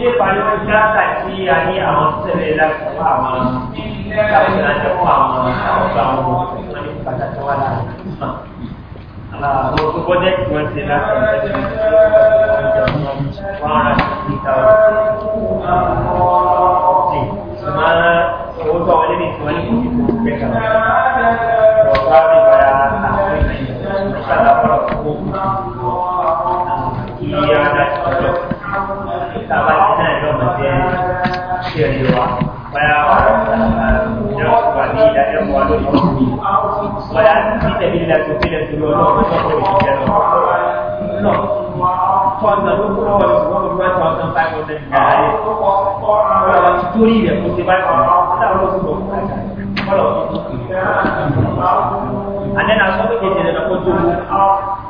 ṣé pariwo dáàtà tí a ní àwọn tẹ́lẹ̀ láti fún àwọn káwọn láti fún àwọn àwọn àwọn wọn ní pàtàkì wọn láti fún àwọn àwọn pọ́jẹ́tì wọn ti láti fún wọn láti fún wọn. Ṣùgbọ́n owó tó wọlé ní ìtumọ̀ ní kò ní kò kẹ́kẹ́ lọ. Ọ̀gá mi bàyà àti ìṣàlàpọ̀ kó. Iya, dan Tabat ชื่อดีวะเพราะว่าเจ้าวันนี้ได้รัมควารู้เพราะฉะนั้นที่จะมีแต่สุดที่จะสุขเลยเราโล่โลกโลเตอนนคนเราสุขภานเราตอนนั้นไปหมดเลยนะเราจุลีเนี่ยคุณจะไปของเราถ้าเราสุขภาพเพราะเราสุขอันนั้นเราต้องไปเจอเราคนดู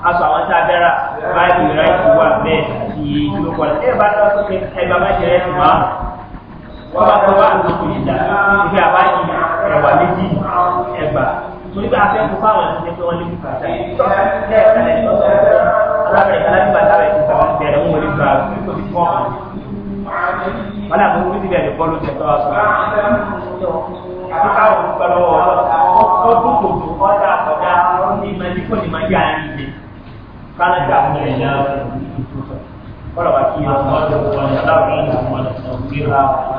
อาสาวันชาเบราไปดูไรถือว่าเป็นที่ทูกคนเอ๊ะบ้านเราต้องเป็นใครบ้างไม่ใช่ไหม wọ́n bá fẹ́ wá àlùkò yìí dá ibi àbá yìí ẹ̀wà méjì ẹ̀gbà torí pé afẹ́ fún fáwọn ẹ̀sìn ní pé wọ́n lè fi fàtà yìí lẹ́ẹ̀kalẹ̀ alábẹ̀rẹ̀ alábẹ̀ alábẹ̀ ti sàwọn bẹ̀rẹ̀ wọn wọlé fún wa kò sí fún ọmọ wọn làbọ wọn ti bẹ̀rẹ̀ bọ́ọ̀lù tẹ̀ tọ́ aṣọ àbúkà wọn pẹ̀lú ọdún kò tó ọjà àkọ́jà ní ìmọ̀lẹ́ kò ní máa yá ara ìgbé kálẹ̀dà fún ẹ̀yà ọlọ́wà kí ọ̀sán ọ̀sán ọ̀sán ọ̀sán ọ̀sán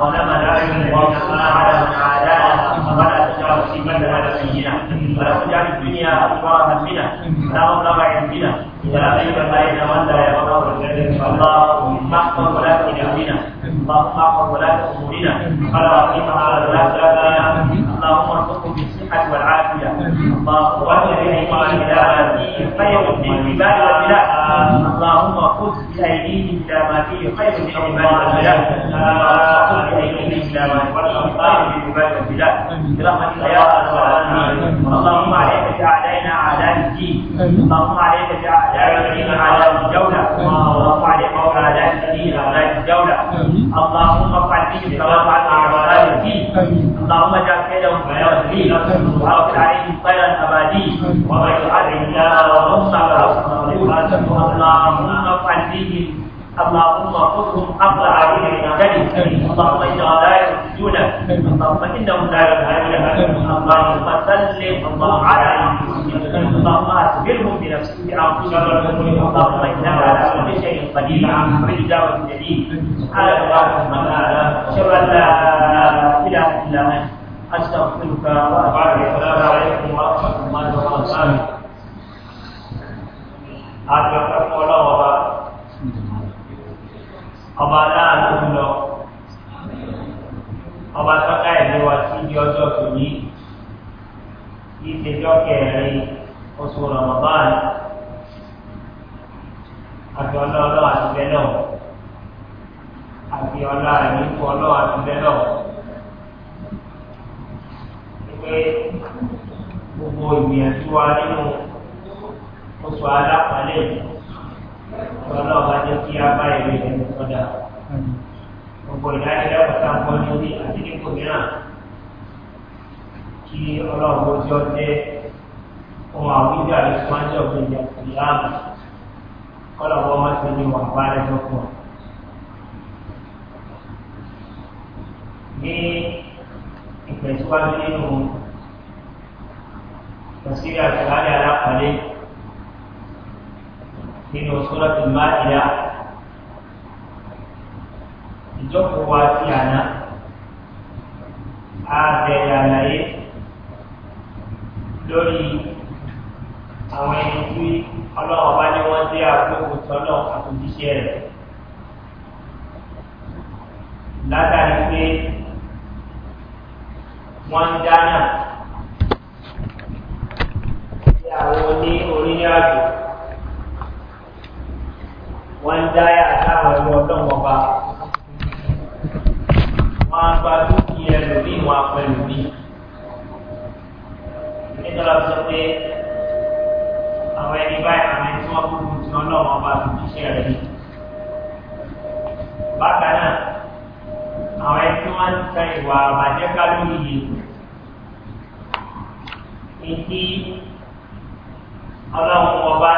ولما دائم وارزقنا على سعادتنا ولا تجعل مصيبتنا على سيدنا ولا تجعل الدنيا اكبر همنا ولا مبلغ علمنا ولا غيب علينا من لا يغرر الجنه اللهم احفظ ولا تجاهلنا اللهم احفظ ولا تامرنا ولا تقيم على ولا تابعنا اللهم ارزقهم والصحة والعافية اللهم وفق أيديهم إلى خير للعباد والبلاد اللهم خذ بأيديهم إلى ما فيه خير للعباد والبلاد اللهم خذ بأيديهم إلى ما فيه خير للعباد والبلاد برحمتك يا أرحم الراحمين اللهم عليك بأعدائنا أعداء الدين اللهم عليك بأعداء الدين أعداء الدولة اللهم عليك فوق راجعات الدين راجعات الدولة اللهم ارفع فيهم تواضع أعضاء الدين اللهم اجعل كيدهم غير ذليل وأرسل عليهم طيرا أبادي وغير عدل لا وانصر اللهم ارفع فيهم اللهم خذهم قبل من عبادتك اللهم إنا لا يسجدونك اللهم انهم لا يذهبون اللهم سلم اللهم على اللهم اسبرهم بنفسك عن اللهم انك على كل شيء قدير عن كل دعوه جديد على اللهم شر لا اله الا انت استغفرك واتوب اليك السلام عليكم ورحمه الله وبركاته. ọba aláàánú lọ ọba tọ́ka ẹ̀mí wa sí ibi ọjọ́ tòní kí ìṣèjọ́ kẹrin oṣù ramadan àti ọlọ́ọ̀lọ́ àti bẹ́lọ̀ àti ọlọ́ àìníkù ọlọ́ àti bẹ́lọ̀ pé gbogbo ìgbìyànjú wa nínú oṣù alápàlẹ́ yìí ọlọ́ọ̀bá jẹ́ kí yang bá ìlú ìlú sọ́dà gbogbo ìdánilẹ́ ọ̀sán kan ní orí àti nípò mìíràn kí ọlọ́ọ̀bá ojú ọjẹ́ Kalau àwùjọ àti sọ́njọ́ gbẹ̀yà ìyáàmù kọ́lọ̀bọ́ wọn ti ní wọn bá lẹ́jọ́ fún nínú sọ́lọ́tì máìlá ìjọ́kọ̀ wa ti àná a bẹ̀rẹ̀ àlàyé lórí àwọn ẹni tí ọlọ́wọ́ bá ní wọ́n dé àkókò tọ́lọ̀ àtúntíṣẹ́ rẹ̀ látàrí pé wọ́n dáná sí àwọn oní orílẹ̀ àjò wọ́n ń dáyà táwọn ẹ̀rọ ọlọ́wọ́n bá wọ́n á gba dúkìá ẹlòmíì wọn apẹ lòmíì nítorí wọ́n sọ pé àwọn ẹni báyìí àwọn ẹni tí wọ́n kúrú tí wọ́n lọ́wọ́n bá lòmíì iṣẹ́ rẹ̀ yìí bákan náà àwọn ẹni tí wọ́n ń ta ìwà àbàjẹ́ká lórí yìí ní kí ọlọ́wọ́n ọba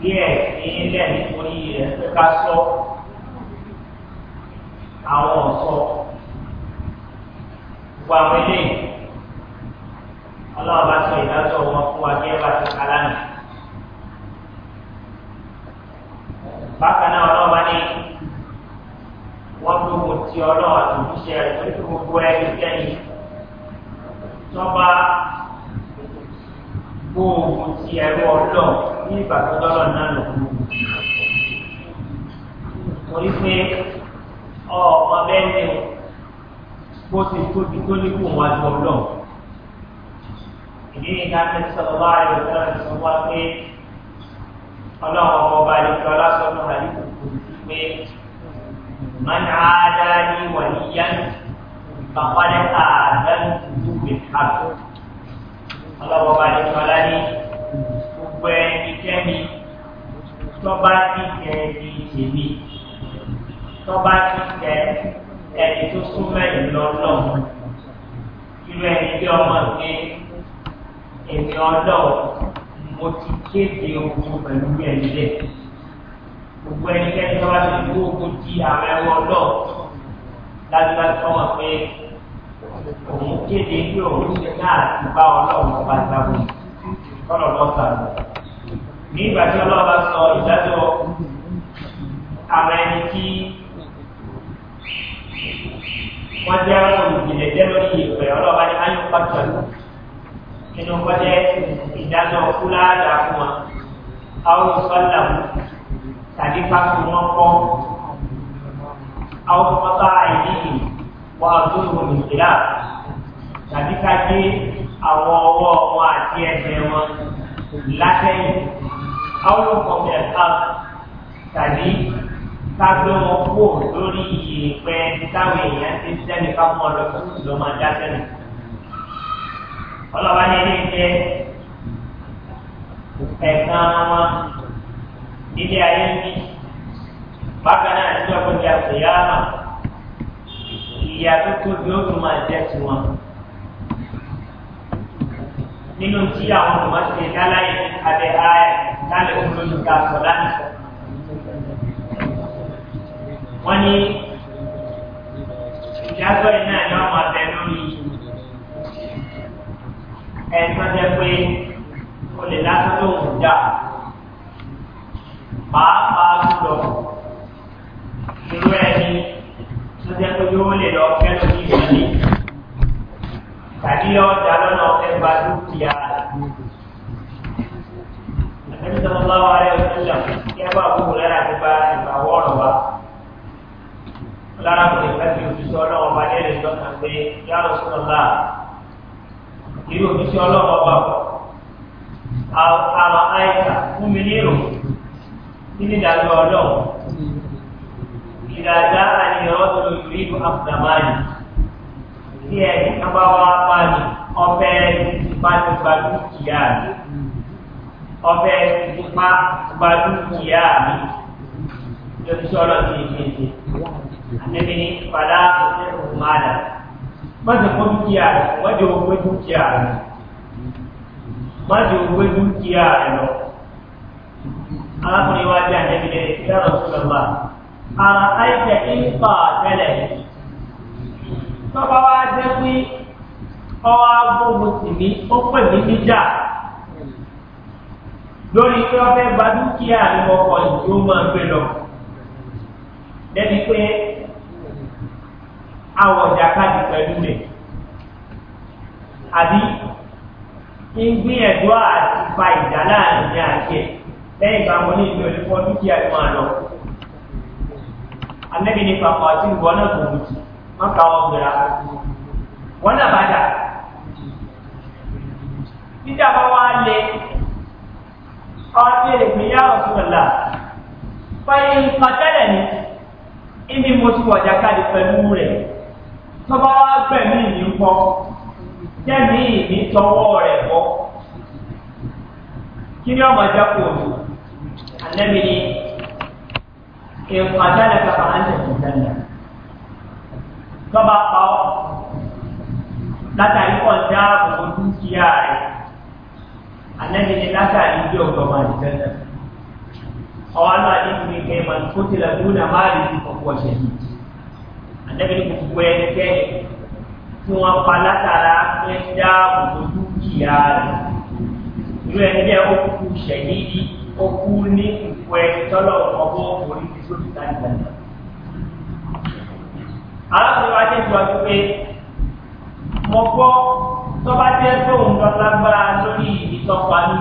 díẹ̀ nílẹ̀ nítorí rẹ̀ pé ká sọ àwọn ọ̀sọ́ gbogbo àwọn eléyìí ọlọ́run bá sọ ìdájọ́ wọn fún wa díẹ̀ bá ti kálá nì. bákan náà ọlọ́run bá ní wọ́n tó kò ọlọ́run àti rẹ̀ tó tó gbogbo ẹni sẹ́yìn tó bá gbóògùn ti ẹ̀rọ ọlọ́run sí ìbàtúndọ́rọ̀ náà lò torí pé ọmọ bẹ́ẹ̀ ni bó ti tóbi tó ní kó wọn àti ọlọ́ ìdí ni ká tẹ́tí sọ̀rọ̀ bá ayọ̀ náà ti sọ wá pé ọlọ́run ọba àdìsí ọlásọ́nù àdìsí kò sí pé من عادى لي وليا فقد آذنته بالحق الله وبارك عليه gbogbo ẹnikẹ́ni tọ́ba ti tẹ ẹni tèmi tọ́ba ti tẹ ẹni tó súnmọ́ ẹ̀yìn lọ́lọ́ irú ẹni bí ọmọ mi èmi ọlọ́ mo ti kéde ogun pẹ̀lú ẹni bẹ́ẹ̀ gbogbo ẹnikẹ́ni tọ́ba ti kú ogun di ààrẹ ọlọ́ dájúdájú ọmọ pé òun kéde pé òun ṣe náà ti bá ọlọ́run ọba ìgbàgbọ́ ọlọ́run ọ̀sán lọ ní ìgbà tí ọlọ́run bá sọ ìdájọ́ ara ẹni tí wọ́n jẹ́ olùdílé jẹ́ lórí ìpẹ́ ọlọ́run bá ní ayọ̀ pàtó nínú kọjá ìdájọ́ fúláàdà fún wa àwọn ìfọ́lá tàbí pàtó wọn kọ́ àwọn ọmọọba àìníyì wà ọdún ìlà tàbí ká gé àwọn ọwọ́ wọn àti ẹsẹ̀ wọn látẹ̀yìn àwọn ọmọ ẹ̀ka tàbí kájọ wọn kú lórí iye táwọn èèyàn ti sẹ́ni káwọn ọlọ́pàá ló máa dá sẹ́ni. ọlọ́wà ní ilé jẹ́ ẹ̀ka wọn nílé ayé ní bákan náà ní ọgbọ́n ìyá ìyá tó tóbi ó tún máa jẹ́ tiwọn nínú tí àwọn tòmátì dáláyé abẹ́ ààyè lálẹ́ olóyún ga sọ láti sọ. wọ́n ní ìdájọ́ yìí náà ni wọ́n máa bẹ lórí ẹ̀sán jẹ́ pé o lè lásán tó ń jà pàápàá jùlọ irú ẹni tó jẹ́ pé yóò lè lọ fẹ́ lórí ìgbàlejò tàbí ọjà lọ́nà ọ̀fẹ́ gba dúkìá rẹ̀. Àtẹ́bí sọ́mọ́ bá wà rẹ̀ ọ̀sẹ̀lẹ̀ kí ẹ bá kúrò lára àti bá ìgbà wọ́ọ̀rọ̀ wa. Lára kò lè fẹ́ẹ́ fi sọ ọlọ́run ọba lẹ́rìí lọ́kà pé yàrá sọ̀rọ̀ náà. Irú òbí sí ọlọ́run ọba pọ̀. Àwọn àìsà fún mi ní tí ẹni kan bá wá pàdé ọbẹ̀ gbajúgbajú kìá mi ọbẹ̀ nípa gbajúgbajú mi lórí sọ́lọ́ ti ìgbésẹ̀ àmẹ́bí ní padà ìṣẹ́rù máa dà mọ́jọ kó dúkìá rẹ̀ mọ́jọ owó dúkìá rẹ̀ mọ́jọ owó dúkìá rẹ̀ lọ arákùnrin wájú àjẹ́bí lẹ́yìn ìdáhùn sọ́lọ́ ara àìsẹ̀ ń pa tẹ́lẹ̀ tọ́ba wá jẹ́ pé ọwọ́ agbóhùn sì ní ó pè mí níjà lórí pé ọfẹ́ gba dúkìá ní ọkọ̀ ìdí ó máa gbé lọ lẹ́ni pé àwọ̀ ìjàkadì pẹ̀lú rẹ̀ àbí ń gbé ẹ̀dọ́ àti fa ìjà láàrin ní àjẹ́ lẹ́yìn ìgbà wọn ní ìlú ẹ̀lẹ́fọ́ dúkìá ní máa lọ. ni pàpà sí ìwọ náà kò mú ti wọn kà wọn gbéra wọn náà bá dà títí àbá wa lé ọtí ìpínyà ọ̀túnlá fàyè ìpàtẹ́lẹ̀ ni ibi mo ti wọ̀jà káàdì pẹ̀lú rẹ̀ tọ́ba wa gbẹ̀mí ìní ń bọ́ jẹ́mi ìní tọwọ́ rẹ̀ bọ́ kí ni ọmọ ẹja kò lù ànẹ́mi ni ìpàtẹ́lẹ̀ kàkà tọ́ba pa ọ́ látàrí ọ̀dá àbòbò dúkìá rẹ̀ àlẹ́ni ni látàrí bí ọ̀dọ̀ máa di tẹ́lẹ̀ ọwọ́ náà ní kí ni kẹ́mà tó ti làbí ó nà máa rí ní ọ̀pọ̀ ọ̀ṣẹ̀ yìí àlẹ́ni ni gbogbo ẹnikẹ́ tí wọ́n pa látara pé dá àbòbò dúkìá rẹ̀ irú ẹni bẹ́ẹ̀ ó kú ṣẹ̀yìn ó kú ní ìfọ̀ ẹni tọ́lọ̀ ọgbọ́n orí tí tó ti ta ìgbàlódé arábìnrin wa tẹ̀sí wa wípé mo gbọ́ tọ́ba jẹ́ pé òun lọ lágbára lórí ìtọ́pa mi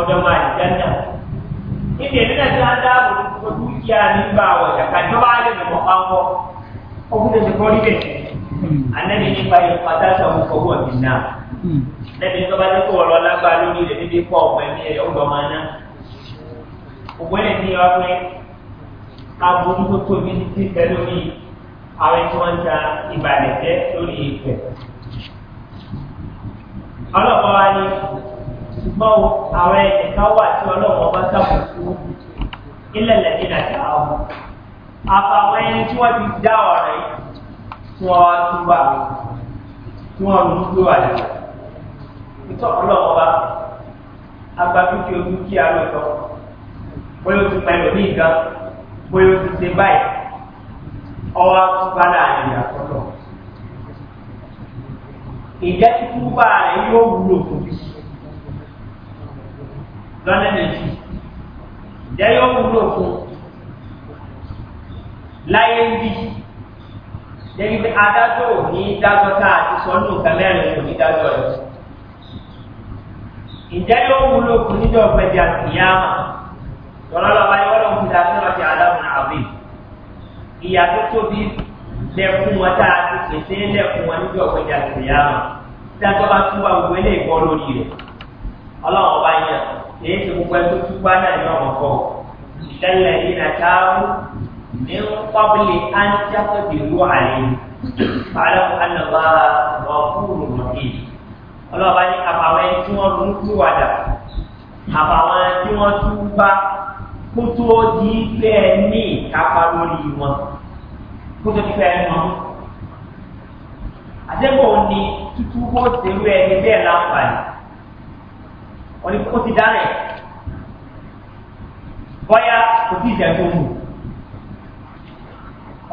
ọ̀dọ̀ máa jẹ́ dáadáa. níbi èmi náà ti ń dáàbò ojú kí a nígbà ọ̀jà kàjọba lè mọ̀ máa ń wọ́ ọkùnrin tó ti kọ́ níbẹ̀. anẹ́ni nípa ìpàdásọ̀ òkòwò ọ̀dìn náà lẹ́bi tọ́ba jẹ́ pé òun lọ lágbára lórí rẹ̀ níbi pọ̀ ọ̀pẹ̀mí rẹ̀ ọ̀dọ̀ máa ná. ògbẹ́ni ti wá àwọn tí wọ́n ń ta ìbàlẹ̀ jẹ́ lórí ìfẹ́. ọlọ́pàá wa ni ṣùgbọ́n àwọn ẹ̀ka wà tí ọlọ́wọ́ bá sàkóso ilẹ̀lẹ̀ nílà tí a wọ̀. àfàwọn ẹni tí wọ́n ti dá ọ̀rẹ́ tí wọ́n wá tún wà tí wọ́n lù ú wà lẹ́yìn. ìtọ́ ọlọ́wọ́ bá agbábíkẹ́ ojú kí a lọ sọ bóyá o ti pa ẹlòmíì gan bóyá o ti ṣe báyìí ọwọ́ àtúbá láàrin ìyàtọ̀lọ̀. Ìjẹ́ títúbà rẹ̀ yóò wúlò fún mi. Lọ́nà méjì. Ìjẹ́ yóò wúlò fún láyé ń bí. Jẹ́bi pé adájọ́ ò ní dájọ́ tá a ti sọ ní nǹkan mẹ́rin ò ní dájọ́ rẹ̀. Ìjẹ́ yóò wúlò fún níjọ́ ọ̀gbẹ́dì àti ìyá àmà. Tọ́lọ́lọ́ báyìí wọ́n lọ́n fi dájọ́ lọ́sẹ̀ adáhùn àbí ìyá tóbi lẹ́kún wọn tá a ti pèsè lẹ́kún wọn níbi ọ̀gbẹ́jà ìgbéyàwó tí a tó bá tún wa gbogbo eléyìí bọ́ lórí rẹ̀ ọlọ́run ọba yẹn èyí ti gbogbo ẹni tó tún wá náà ní ọmọ kọ́ lẹ́lẹ̀ yìí nà táwọn ní pọ́bìlì áńtíáfẹ́ bìrú àlè fàlẹ́ ànàbà ọ̀fúrù rọ̀kì ọlọ́run ọba ní àbàwọn ẹni tí wọ́n ronú kúrò àdà àbàwọn ẹni tí wọ́n tún bá kó tó di pé ẹ ní ìkápá lórí wọn kó tó di pé ẹ mọ. àdébò ni tútú bó ṣe wé ẹni bẹ́ẹ̀ láǹfààní wọ́n ní kó ti dáná ẹ̀ bọ́yá kò tí ì jẹ́ tó mú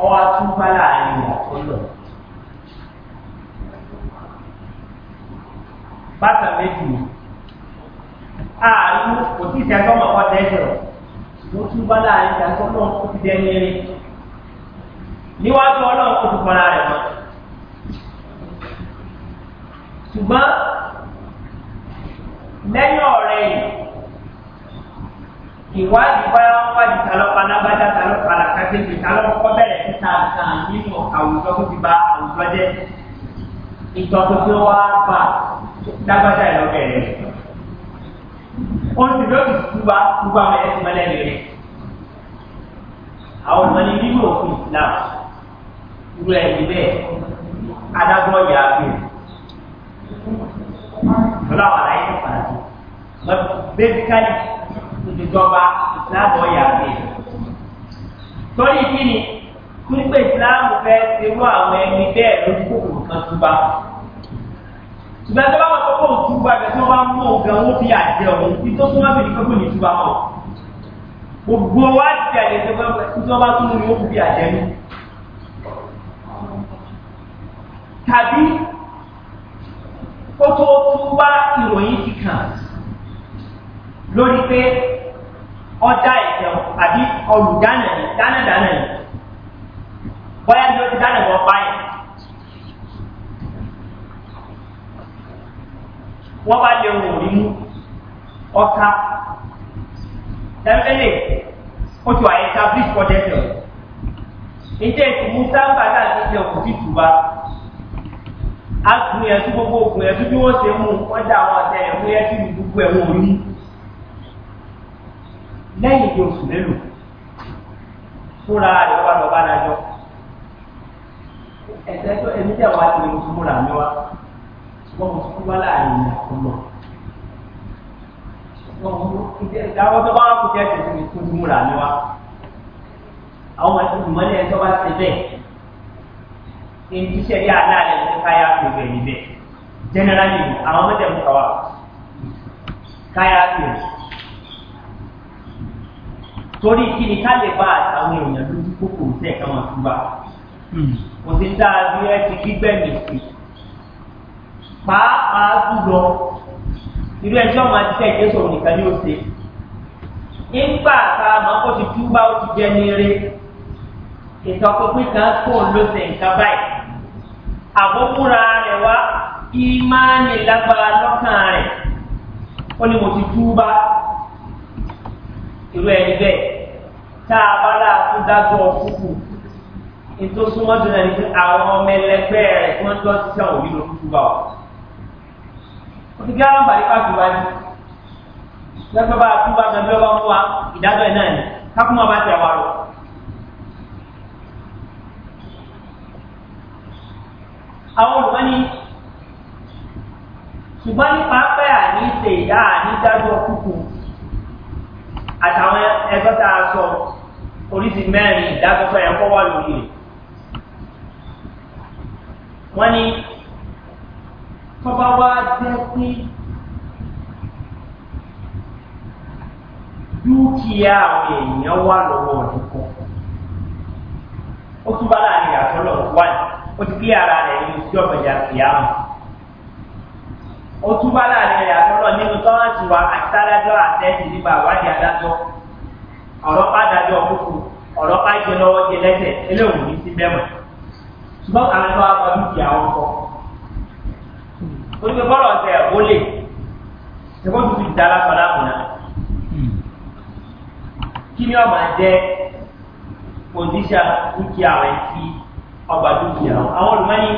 ọwọ́ atúbá láàrin ọ̀pọ̀lọ̀. bàtà méjì ààrùn kò tí ì jẹ́ tó mọ̀ ọ́ tẹ́jọ́ mo tún bá láàrin ìgbà sọ́kọ̀ ó ti dẹni rin níwájú ọlọ́run kò tún fara rẹ̀ mọ́ ṣùgbọ́n lẹ́yìn ọ̀rẹ́ yìí ìwádìí bá wọn wádìí talọ́pàá lábájá talọ́pàá làkàtẹ́gbẹ̀ talọ́pàá bẹ̀rẹ̀ síta nǹkan nínú àwùjọ tó ti ba àwùjọ jẹ́ ìtọ́jú tó wá bá lábájá ìlọ́bẹ̀rẹ̀ rẹ̀ wọ́n ti lọ́ọ̀dì túbà túbà wọn ẹ̀ ti mọ́lẹ̀ rẹ̀. àwọn ọmọ ní nínú òfin islam irú ẹ̀ ní bẹ́ẹ̀ adágún ọ̀yà àgbẹ̀ lọ́la wà láyé nípa rẹ̀ bẹ́ẹ̀kálì ìjọba islam ọ̀yà àgbẹ̀. torí kí ni pípé islam fẹ́ ti rú àwọn ẹni bẹ́ẹ̀ lójú kòkòrò kan túbà ṣùgbọ́n tó bá wọn kọ́kọ́ òtúbà rẹ̀ tí wọ́n bá mú ògàn owó fi àjẹ ọ̀hún ní tó súnmọ́ sí ní pé kò ní túbà mọ́ gbogbo wa ti àjẹ tó bá tí wọ́n bá tún o owó fi àjẹ ní. tàbí kó tó túbà ìròyìn ti kàn lórí pé ọjà ìjẹun àbí olùdánà dánadáná yìí bóyá ni ó ti dáná bọ́ báyìí. wọ́n bá lè wò rí mú ọ̀ka tẹ́lẹ̀ ó ti wà establish for dental níjẹ́ ìsìn musa ń bàtà sí ilé òkú sí tùbá a tún yẹn gbogbo òkú yẹn tí bí wọ́n ṣe mú wọ́n dá àwọn ọ̀tẹ̀ yẹn mú yẹn tí ìlú gbogbo ẹ̀ wọ́n rí lẹ́yìn oṣù mélòó fúnra rẹ̀ wà lọ́ba dájọ́ ẹ̀sẹ̀ wọn kò tún wá láàrin ìyá tó lọ ìdáwọ́ tó bá wà kó jẹ́ tuntun tó ti múra ni wa àwọn ìmọ̀lẹ́ tó bá ti bẹ́ẹ̀ èyí sẹ́yà aláàlẹ́ ní káyà pèbè níbẹ̀ generally àwọn mẹ́tẹ̀ẹ̀mú kọ́wà káyà pèbè torí kí ni ká lè bá àtàwọn èèyàn lójú kókò tẹ̀ káwọn túbà hmm. kò sí dáa bí ẹ ti gbígbẹ́ mi sí i pàápàá jùlọ irú ẹjọ́ máa ti tẹ̀ jésù òun nìkan ni ó ṣe nígbà tá a máa kó ti túbá ó ti jẹ́ níire ìtọ́pinpin kan kò ló ṣe nǹkan báyìí àbókúra rẹ̀ wá ìmáàní lágbára lọ́kàn rẹ̀ ó ní mo ti túbá irú ẹni bẹ́ẹ̀ tá a bá dáa tó dájọ́ kúkú ètò súnmọ́ jùlọ ní àwọn ọmọ ẹlẹgbẹ́ rẹ̀ tí wọ́n lọ sí àwọn òbí lọ túbá wa òtí kí wọn bàrí ká tuba ni lọ́sọ̀ bá tuba gan bí ọba ń wá ìdájọ́ ẹ̀ náà ni kákùnmọ́ bá tẹ̀ wá lọ. àwọn olùkọ́ ni ṣùgbọ́n nípa pẹ́ àní ṣe ìdá àní dájọ́ kúkú àtàwọn ẹgbẹ́ tá a sọ oríṣi mẹ́rin ìdájọ́ sọ ẹ̀ ń kọ́ wà lórí rẹ̀ wọ́n ní. tọ́ba wá jẹ́ pé dúkìá àwọn èèyàn wà lọ́wọ́ ọdún kan ó tún bá láàrin ìyàtọ̀ lọ wà ní ó ti kí ara rẹ̀ ní ojú ọ̀gbẹ̀jà ó tún bá láàrin ìyàtọ̀ lọ nínú àtàlájọ́ àtẹ́sí nípa àwádìí adájọ́ ọ̀rọ̀pá lọ́wọ́ jẹ lẹ́sẹ̀ onígbé bọ́lọ̀ ń tẹ ó lè ṣẹ́kọ́ tó ti dára padà kùnà kí ni ọmọ jẹ́ pòdíṣà dúkìá rẹ̀ sí ọgbà dúkìá àwọn olùmọ́ni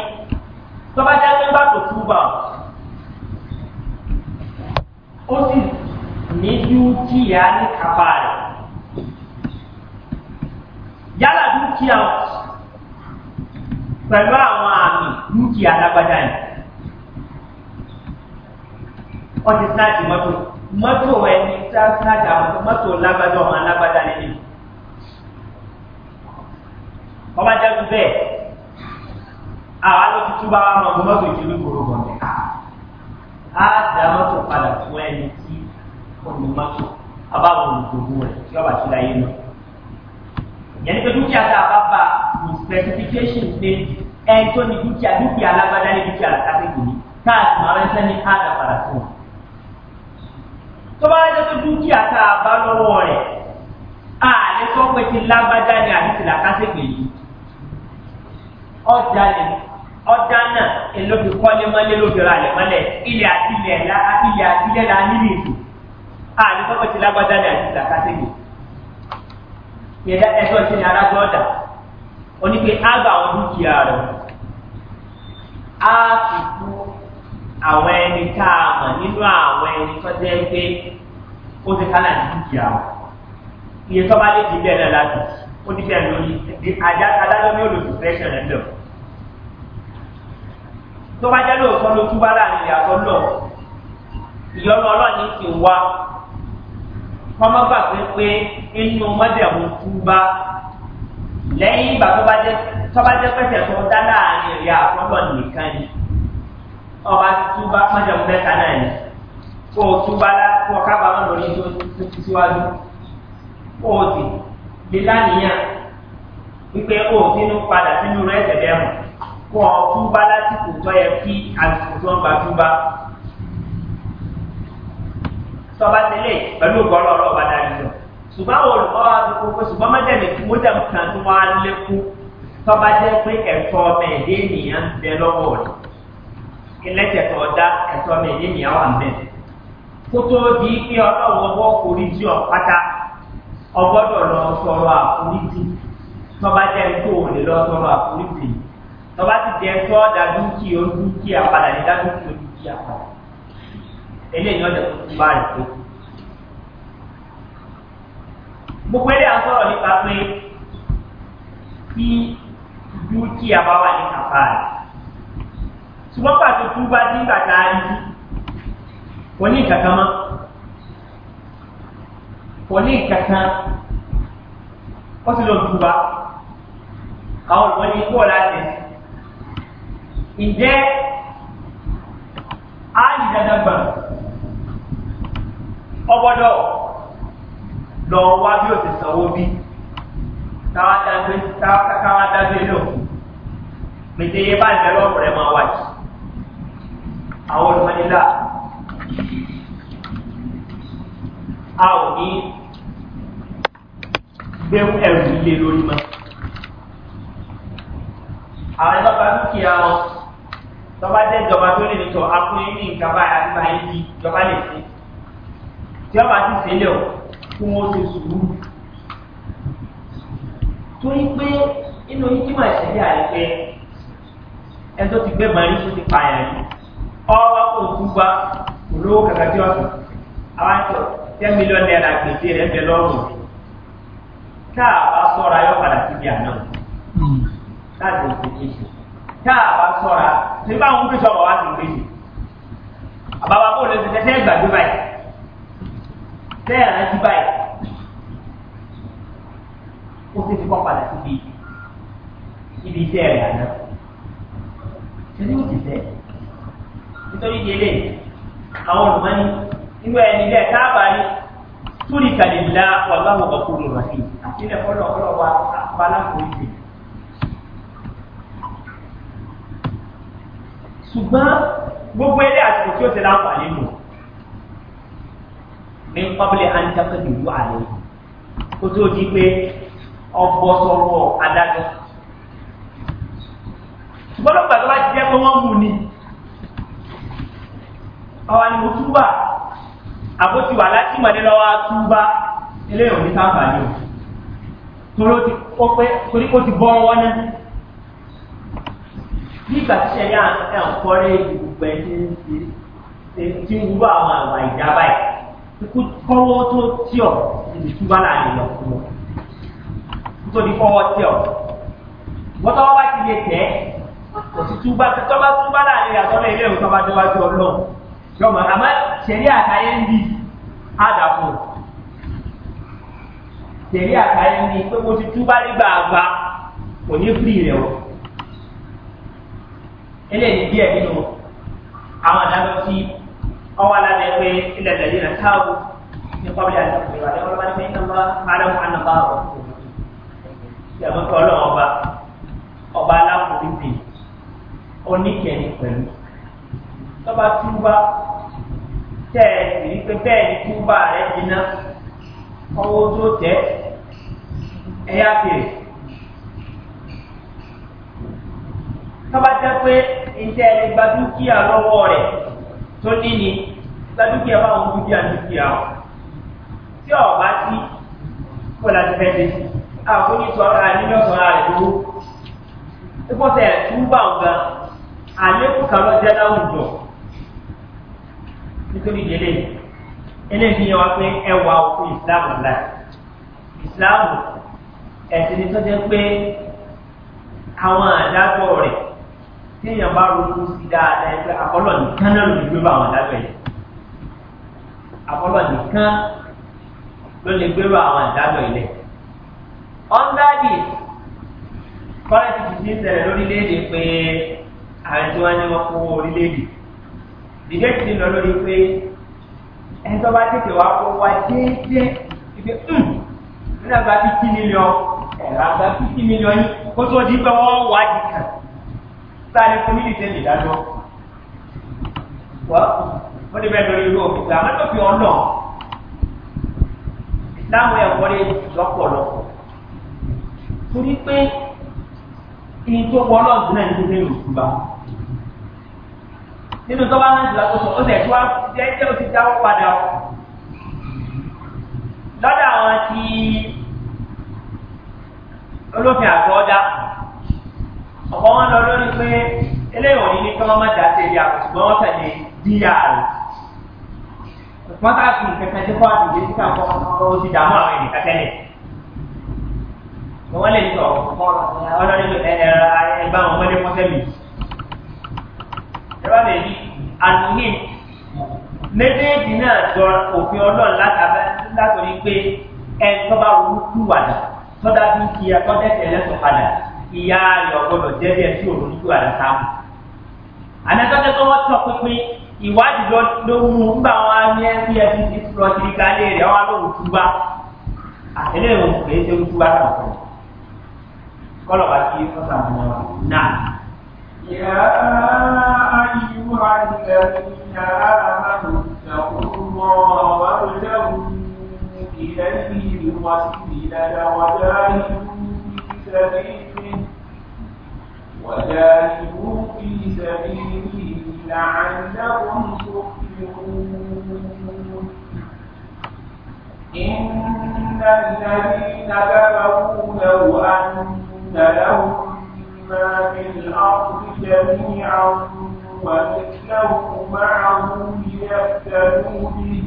tó bá jẹ́ pé bá tó túbà ó sì ní dúkìá ní kápá rẹ̀ yálà dúkìá pẹ̀lú àwọn àmì dúkìá lágbádá yìí wọ́n ti sáàtì mọ́tò mọ́tò ẹni sáàtì àwọn mọ́tò lágbádá ọmọ alágbádá nínú ọba jáde bẹ́ẹ̀ àwọn alóòtú bá wà mọ́ mọ́tò ìdílé gbòòrò wọn á dá mọ́tò padà fún ẹni tí ó ní mọ́tò abáwọn olùdókòwò rẹ̀ tí ọba ti láyé náà yẹn pé dúkìá tá a bá bá specifications pé ẹni tó ní dúkìá dúkìá alágbádá ní dúkìá làkàtà ìgbòmí káàkiri àwọn ẹsẹ ní káàdà padà fún un pé dúkìá tá a bá lọ́wọ́ rẹ̀ a lè sọ pé ti lágbájá ni àbí ti làkásẹ̀gbè yìí ọjà lè ọjà náà èló fi kọ́lé mọ́lé ló fi ra lẹ̀ mọ́lẹ̀ ilẹ̀ àti ilẹ̀ la ilẹ̀ àti ilẹ̀ la nílì ètò a lè sọ pé ti lágbájá ni àbí ti làkásẹ̀gbè yẹ̀dá ẹ̀sọ́ ìṣẹ̀lẹ̀ arájọ́ ọ̀dà oní pé á gba àwọn dúkìá rẹ̀ á fi kú àwọn ẹni tá a mọ̀ nínú àwọn ẹni tó jẹ́ pé ó ti kálà ní dúkìá iye tó bá lè ti bẹ́ẹ̀ náà láti ó ti bẹ́ẹ̀ lórí adájọ́ ní olùsùsẹ́sẹ̀ rẹ̀ lọ. tó bá jẹ́ lóòótọ́ ló túbá láàrin ìyàtọ̀ lọ ìyọnu ọlọ́ọ̀ni ti wá kọ́mọ́ gbàgbé pé inú mọ́dẹ̀mú túbá lẹ́yìn ìgbà tó bá jẹ́ tó bá jẹ́ pẹ̀sẹ̀ tó dá láàrin ìyá àkọ́lọ́ nìkan ni ọba túbá mọ́dẹ̀mú mẹ́ta náà ni kó o túbá lá kó o kábàámọ̀ lórí tó ti síwájú kó o sì lè lánìyàn wípé kó o sínú padà sínú rẹ̀ tẹ̀lé ẹ̀mọ̀ kó o túbá lásìkò tó yẹ kí àsìkò tó ń gbà túbá tọba tẹlẹ pẹlú ọgọrọ ọrọ ọba dáa nínú ṣùgbọn àwọn olùkọ àdúgbò ṣùgbọn mọjàmì tí mọjàmì kan tó wá lékún tọba jẹ pé ẹtọ ọmọ ẹdẹ ènìyàn ń bẹ lọwọ rẹ ẹlẹtẹtọ ọdá ẹtọ ọmọ ẹdẹ ènìyàn wà ń kótó di pé ọlọ́wọ́ bọ́ foríjì ọ̀pátá ọgbọ́dọ̀ lọ sọ̀rọ̀ àforíjì tọ́ba jẹ́ tó ò lè lọ sọ̀rọ̀ àforíjì tọ́ba ti jẹ́ sọ́ dadúkì odúkì àpàdà ní dadúkì odúkì àpàdà eléyìí ọ̀dẹ̀ tó ti bá rẹ̀ pé. gbogbo eré àsọ̀rọ̀ nípa pé kí dúkìá bá wà ní kàfáà rẹ̀ ṣùgbọ́n pàtó túbá nígbà tá a rí kò ní kankan mọ́ kò ní kankan ó sì lọ tuba àwọn olùkọ́ ní kó láti ǹjẹ́ á ní dandan gbà ọgbọ́dọ̀ lọ wá bí ó ti sanwó bí káwá dágbé lò mètè yé bá ìbẹ̀rẹ̀ ọ̀pọ̀ rẹ̀ máa wájú àwọn olùmọ̀nìlá. a ò ní gbé ẹrù ilé lórí mọ́. àwọn ẹgbẹ́ bá dúkìá ọ tọ́ba jẹ́ ìjọba tó lè ní sọ akóyún ní nǹkan báyìí àti báyìí di ìjọba lè ṣe tí ọba ti sílẹ̀ ọ kí wọ́n ṣe sùúrù. torí pé inú yìí kí màá ṣẹlẹ̀ àìpẹ́ ẹjọ́ ti gbé màrí tó ti pààyàn yìí ọwọ́ òkú wa olówó kàkàtí ọ̀sán àwọn àti ọ̀sán ten million naira gbèsè rẹ̀ ń bẹ lọ́rùn káà bá sọ́ra yọ padà síbi àná láti ìpè kéṣù káà bá sọ́ra tí bá ń gbèsè ọ̀rọ̀ wá sí gbèsè àbábá bó lè fi tẹ́tẹ́ gbàgbé báyìí tẹ́yà rántí báyìí ó ti fi kọ́ padà síbi ibi iṣẹ́ rẹ̀ àná ṣe ní òtítẹ́ nítorí délé àwọn olùmọ́ni inú ẹni bẹ́ẹ̀ káàbà ní túrí kàlìlá wàláhù ọkùnrin ìrọ̀lẹ́ àti ilẹ̀ fọlọ́fọlọ́ wa aláǹkóyè. ṣùgbọ́n gbogbo ilé àsìkò tí ó ti láǹfààní nù ní pọ́bílẹ̀ àńtẹ́kọ̀ ìlú àlẹ́ kó tó di pé ọgbọ́ sọ́wọ́ adájọ́. ṣùgbọ́n lọ́pàá tó bá ti jẹ́ pé wọ́n mú ni ọ̀wà ni mo túbà àbótí wà láti mọ̀dé lọ́wọ́ túbá eléyìí ò ní sáǹfààní o torí ó ti bọ́ ọwọ́ náà nígbà tí ṣẹlẹ̀ ẹ̀ ń kọ́rẹ́ ìgbùgbù ẹ̀ tí ń wúrọ̀ àwọn àwà ìjábá ẹ̀ kó kọ́wọ́ tó tí ọ̀ níbi túbá láàrin lọ fún ọ nítorí kọ́wọ́ tí ọ̀ bọ́tọ́ wá bá ti lè tẹ̀ kò sí túbá tó túbá láàrin àtọ́lẹ̀ ilé ìwòsàn bá déwájú ọlọ́run sọmọ àmọ sẹ̀rí àtàyẹ ń bì àdàpọ̀ sẹ̀rí àtàyẹ ń bì pé mo ti túbá nígbà àgbà kò ní fìrì rẹ̀ o eléyìí díẹ̀ nínú àwọn àdájọ́ tí ọwọ́ alábẹ́ pé ilẹ̀ ìdàgbé náà táwọn ní pọ́bílì àti ìgbà tí wọ́n bá ní pé iná bá adam anna bá ọba ọba alákòóbí bì oníkẹ́ni pẹ̀lú tọ́ba túbá tẹ́ ẹ sì rí pé bẹ́ẹ̀ ni túbá rẹ̀ jiná ọwọ́ tó tẹ́ ẹ yá bèrè. tọ́ba jẹ́ pé ìjẹ́ ẹni gba dúkìá lọ́wọ́ rẹ̀ tó ní ni gba dúkìá bá wọn dúkìá dúkìá o tí ọ̀bá sí kó láti fẹ́ dé àkóyítọ́ àníyàn sọ̀rọ̀ rẹ̀ lówó. ìfọ̀sẹ̀ túbà ọ̀gá àlékún kan lọ jẹ́ láwùjọ nítorí ìdílé eléyìí yẹn wá pé ẹwà òkú ìsìláàmù ńlá ìsìláàmù ẹ̀sìn ní tó jẹ́ pé àwọn àdágbọ̀ rẹ̀ tí èèyàn bá ronú sí dáadáa ẹgbẹ́ àkọlọ̀ nìkan náà ló gbé bá àwọn àdágbọ̀ yìí àkọlọ̀ nìkan ló lè gbé bá àwọn àdágbọ̀ yìí lẹ̀ ọ́ndáàdì kọ́lẹ́tì ti ti ń sẹ̀rẹ̀ lórílẹ̀‐èdè pé àrẹ tí wọ́n ní kó orílẹ̀‐èdè dìbẹ́tì ti lọ lórí pé ẹni tó bá tètè wá kó wá déédéé ìgbé nígbà bá fifty million ẹ̀rọ àgbà fifty million yìí kó tó di pé wọ́n wá di kàn sáré fún nídìí tẹ́lẹ̀ dájọ́ wọ́n wọ́n ti bẹ́ẹ̀ lórí irú òfin gbà wọ́n tó fi ọ́ náà ìsìláàmù ẹ̀kọ́ rẹ̀ lọ́pọ̀lọpọ̀ torí pé ìyẹn tó wọ́ ọlọ́ọ̀dún náà ní tó fẹ́ lò nínú sọ́ba náà ti lákòóso ó tẹ̀sí wá jẹ́ jẹ́ ó ti dáwọ́ padà ó lọ́dọ̀ àwọn ti olófin àtọ́dá ọ̀pọ̀ wọn lọ lórí pé eléyìí òní ní kí wọ́n má dáa tẹ̀lé àkùsùgbọ́n wọ́n tẹ̀lé díyà rẹ̀ pàtàkì kẹkẹ tí kọ́ àdìgbé tí kàn fọ́n ọ́ ti dààmú àwọn ènìyàn tẹ́lẹ̀ wọ́n lè sọ ọ̀rọ̀ ọ̀rọ̀ ẹ̀ẹ́dẹ́gbẹ̀rún ẹ̀ẹ́dẹ́gbẹ̀rún ọmọdé fọ́sẹ́mì ẹ̀rọ mi rí àníyàn méjèèjì náà jọ òfin ọlọ́run látọ̀rí pé ẹni tó bá wúlú kú wàdà tọ́dá bí kí akọ́dẹ́sẹ̀ lẹ́sọ̀ padà ìyá rẹ̀ ọ̀gbọ́dọ̀ jẹ́ bí ẹtí òun kú wàdà sáà ànátọ́jọ́ tó wọ́n tọ̀ pínpín ìwádìí ló mú nígbà wọn ní ẹbí ẹbí ti lọ sí ìkàlẹ̀ rẹ̀ wọn lóhùn túbá àtẹlẹ́wọ̀n kò é ṣe ń túbá kàkọ́ kọ́lọ̀ wá sí ọ̀sán àwọn náà. يا أيها الذين آمنوا اتقوا الله وابتغوا إليه الوسيلة وجاهدوا في سبيله وجاهدوا في سبيله لعلكم تفلحون إن الذين كفروا لو أن لهم في الأرض جميعا ومثله معه ليفتنوا به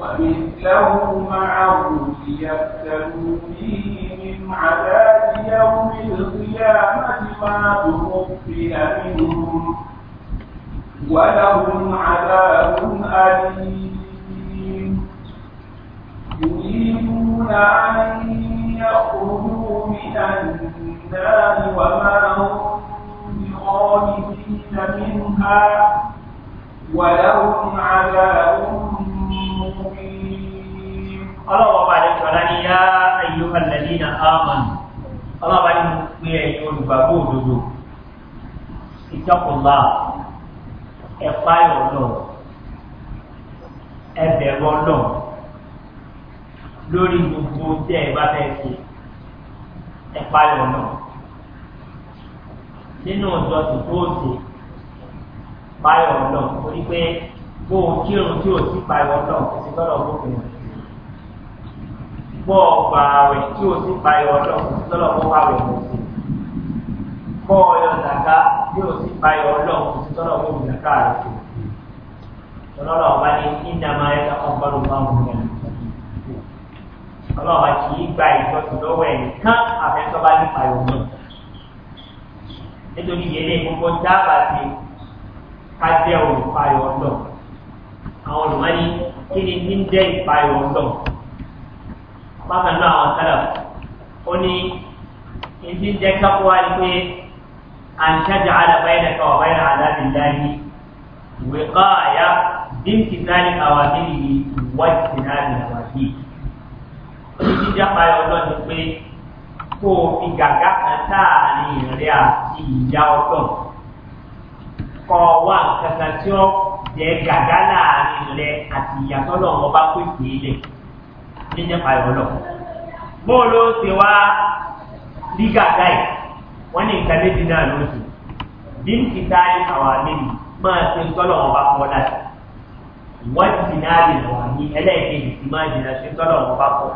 ومثله معه ليفتنوا به من عذاب يوم القيامة ما تخفي منهم ولهم عذاب أليم يريدون أن يخرجوا من النار النار وما هم بخالدين منها ولهم عذاب مقيم الله بعد فلان يا أيها الذين آمنوا الله بعد يا أيها البابود اتقوا الله ẹ̀páyọ̀ náà ẹbẹ̀rọ náà lórí gbogbo tẹ́ ẹ bá fẹ́ ṣe ẹ̀páyọ̀ náà nínú ọjọ́ sì tó ṣe báyọ̀ ọlọ́ torí pé bó o kírun tí o sì báyọ̀ ọlọ́ kò sí lọ́dọ̀ gbófin rẹ̀ bọ́ ọgbà rẹ̀ tí o sì báyọ̀ ọlọ́ kò sí lọ́dọ̀ gbófin rẹ̀ kò sí bọ́ ọyọ zàká tí o sì báyọ̀ ọlọ́ kò sí lọ́dọ̀ gbófin zàká rẹ̀ kò sí lọ́dọ̀ ọba ní ìdàmà ẹ̀ka ọgbọ́dọ̀ bá wọn rẹ̀ ọlọ́ọ̀ba kì í gba ìjọsìn lọ́wọ́ ẹ̀ nítorí yẹlẹ gbogbo dábàá sí kájẹ olùpayọ ọdọ àwọn olùmọ́ni kí ni ní jẹ́ ìpayọ ọdọ bákan náà àwọn sálà ó ní ìdí jẹ́ kápọ́wá ni pé àǹṣájà alábáyẹ̀dẹ̀ kan ọ̀báyẹ̀ aláàbí láyé ìwé kọ́ àyà bíntì náà àwọn abẹ́lẹ̀ yìí wájú náà ní àwọn àbí ó ní ọdọ ni pé kó o fi gàgá kan sáàrin rẹ àti ìyá ọtọ kọ wá kankan tí ó jẹ gàgá láàrin rẹ àti ìyàtọ̀ náà wọn bá pèsè ilẹ̀ níjẹ́ pàrọ̀ lọ. bó ló ṣe wá rí gàgá yìí wọ́n ní nǹkan méjì náà ló sì bí n kì í sáré àwọn àmì máa ṣe tọ́lọ̀ wọn bá kọ́ láti wọ́n ti dì náà lè wà ní ẹlẹ́ẹ̀kejì tí máa dì ṣe tọ́lọ̀ wọn bá kọ́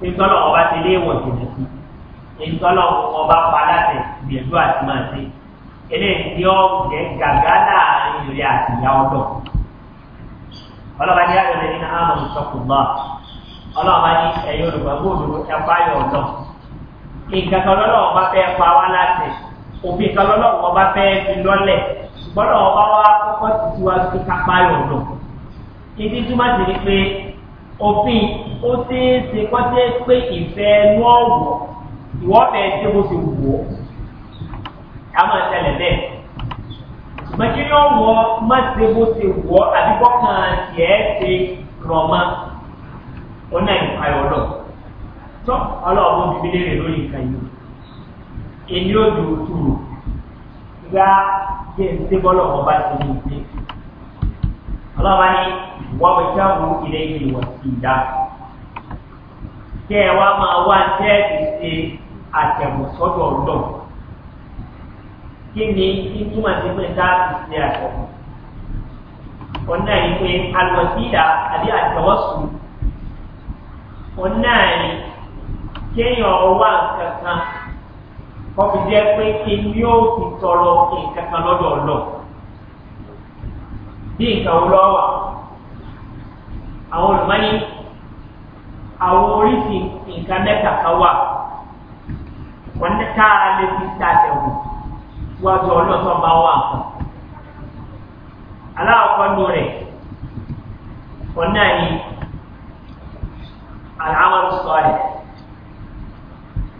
ṣe tọ́lọ̀ wọn bá ṣe léèwọ̀ jìnnà sí i ìtọ́lọ̀ ọba paláṣẹ gbìyànjú àti máa ṣe eléyìí tí ó jẹ gàgá láàrin ìrẹ àti ìyá ọdọ ọlọ́ba ní ayọ̀ lẹ́yìn náà àmọ̀ ìṣọ̀kùn náà ọlọ́ba ní ẹ̀yọ́ olùgbàgbọ́ òdòdó ẹ̀fọ́ ayọ̀ ọ̀dọ́ nǹkan kan lọ́lọ́ ọba fẹ́ pa wá láti òbí kan lọ́lọ́ ọba fẹ́ fi lọ́lẹ̀ ṣùgbọ́n ọba wa kọ́kọ́ ti tiwa sí kápá ayọ̀ ọ̀dọ́ ibi túmọ̀ sí ni pé òfin ó ṣeé ṣe kọ́ ìwọ́ bẹ́ẹ̀ ṣé bó ṣe wù ọ́ ká máa ṣẹlẹ̀ bẹ́ẹ̀ ṣùgbọ́n kí ló wọ́ má ṣe bó ṣe wù ọ́ àbí kọ́kàn tiẹ̀ ṣe rọ̀ mọ́ ọ náà ìpayọ̀ lọ tó ọlọ́ọ̀bù bíbélé rẹ̀ lórí nǹkan yìí èmi ò dùn tù rò gba kí n ṣe bọ́lọ̀ ọba ṣe ní ìgbé ọlọ́ba ní wọ́n bẹ jáwó ilé ìwọ̀sí ìdá kí ẹ wá máa wá jẹ́ ìṣe àtẹ̀wòsọ́dọ̀ ọlọ́run kí ni kí túmọ̀ sí pé dá ìṣe àtẹ̀wò ọ̀nà ni pé alwọ̀síìlà àbí àtẹ̀wọ́sùn ọ̀nà ni kéèyàn wà kankan kọ́bi jẹ́ pé kí ni ó fi tọrọ nǹkan kan lọ́dọ̀ ọlọ́run bí nǹkan wo lọ́wọ́ àwọn olùmọ́ni àwọn oríṣi nǹkan mẹ́ta kan wà ọ̀nà tá a lè fi ṣàtẹ̀wò wájú ọlọ́tọ̀ bá wà nǹkan. aláwọ̀kọ́ nù rẹ̀ ọ̀nà ni àlámọ̀ sọ rẹ̀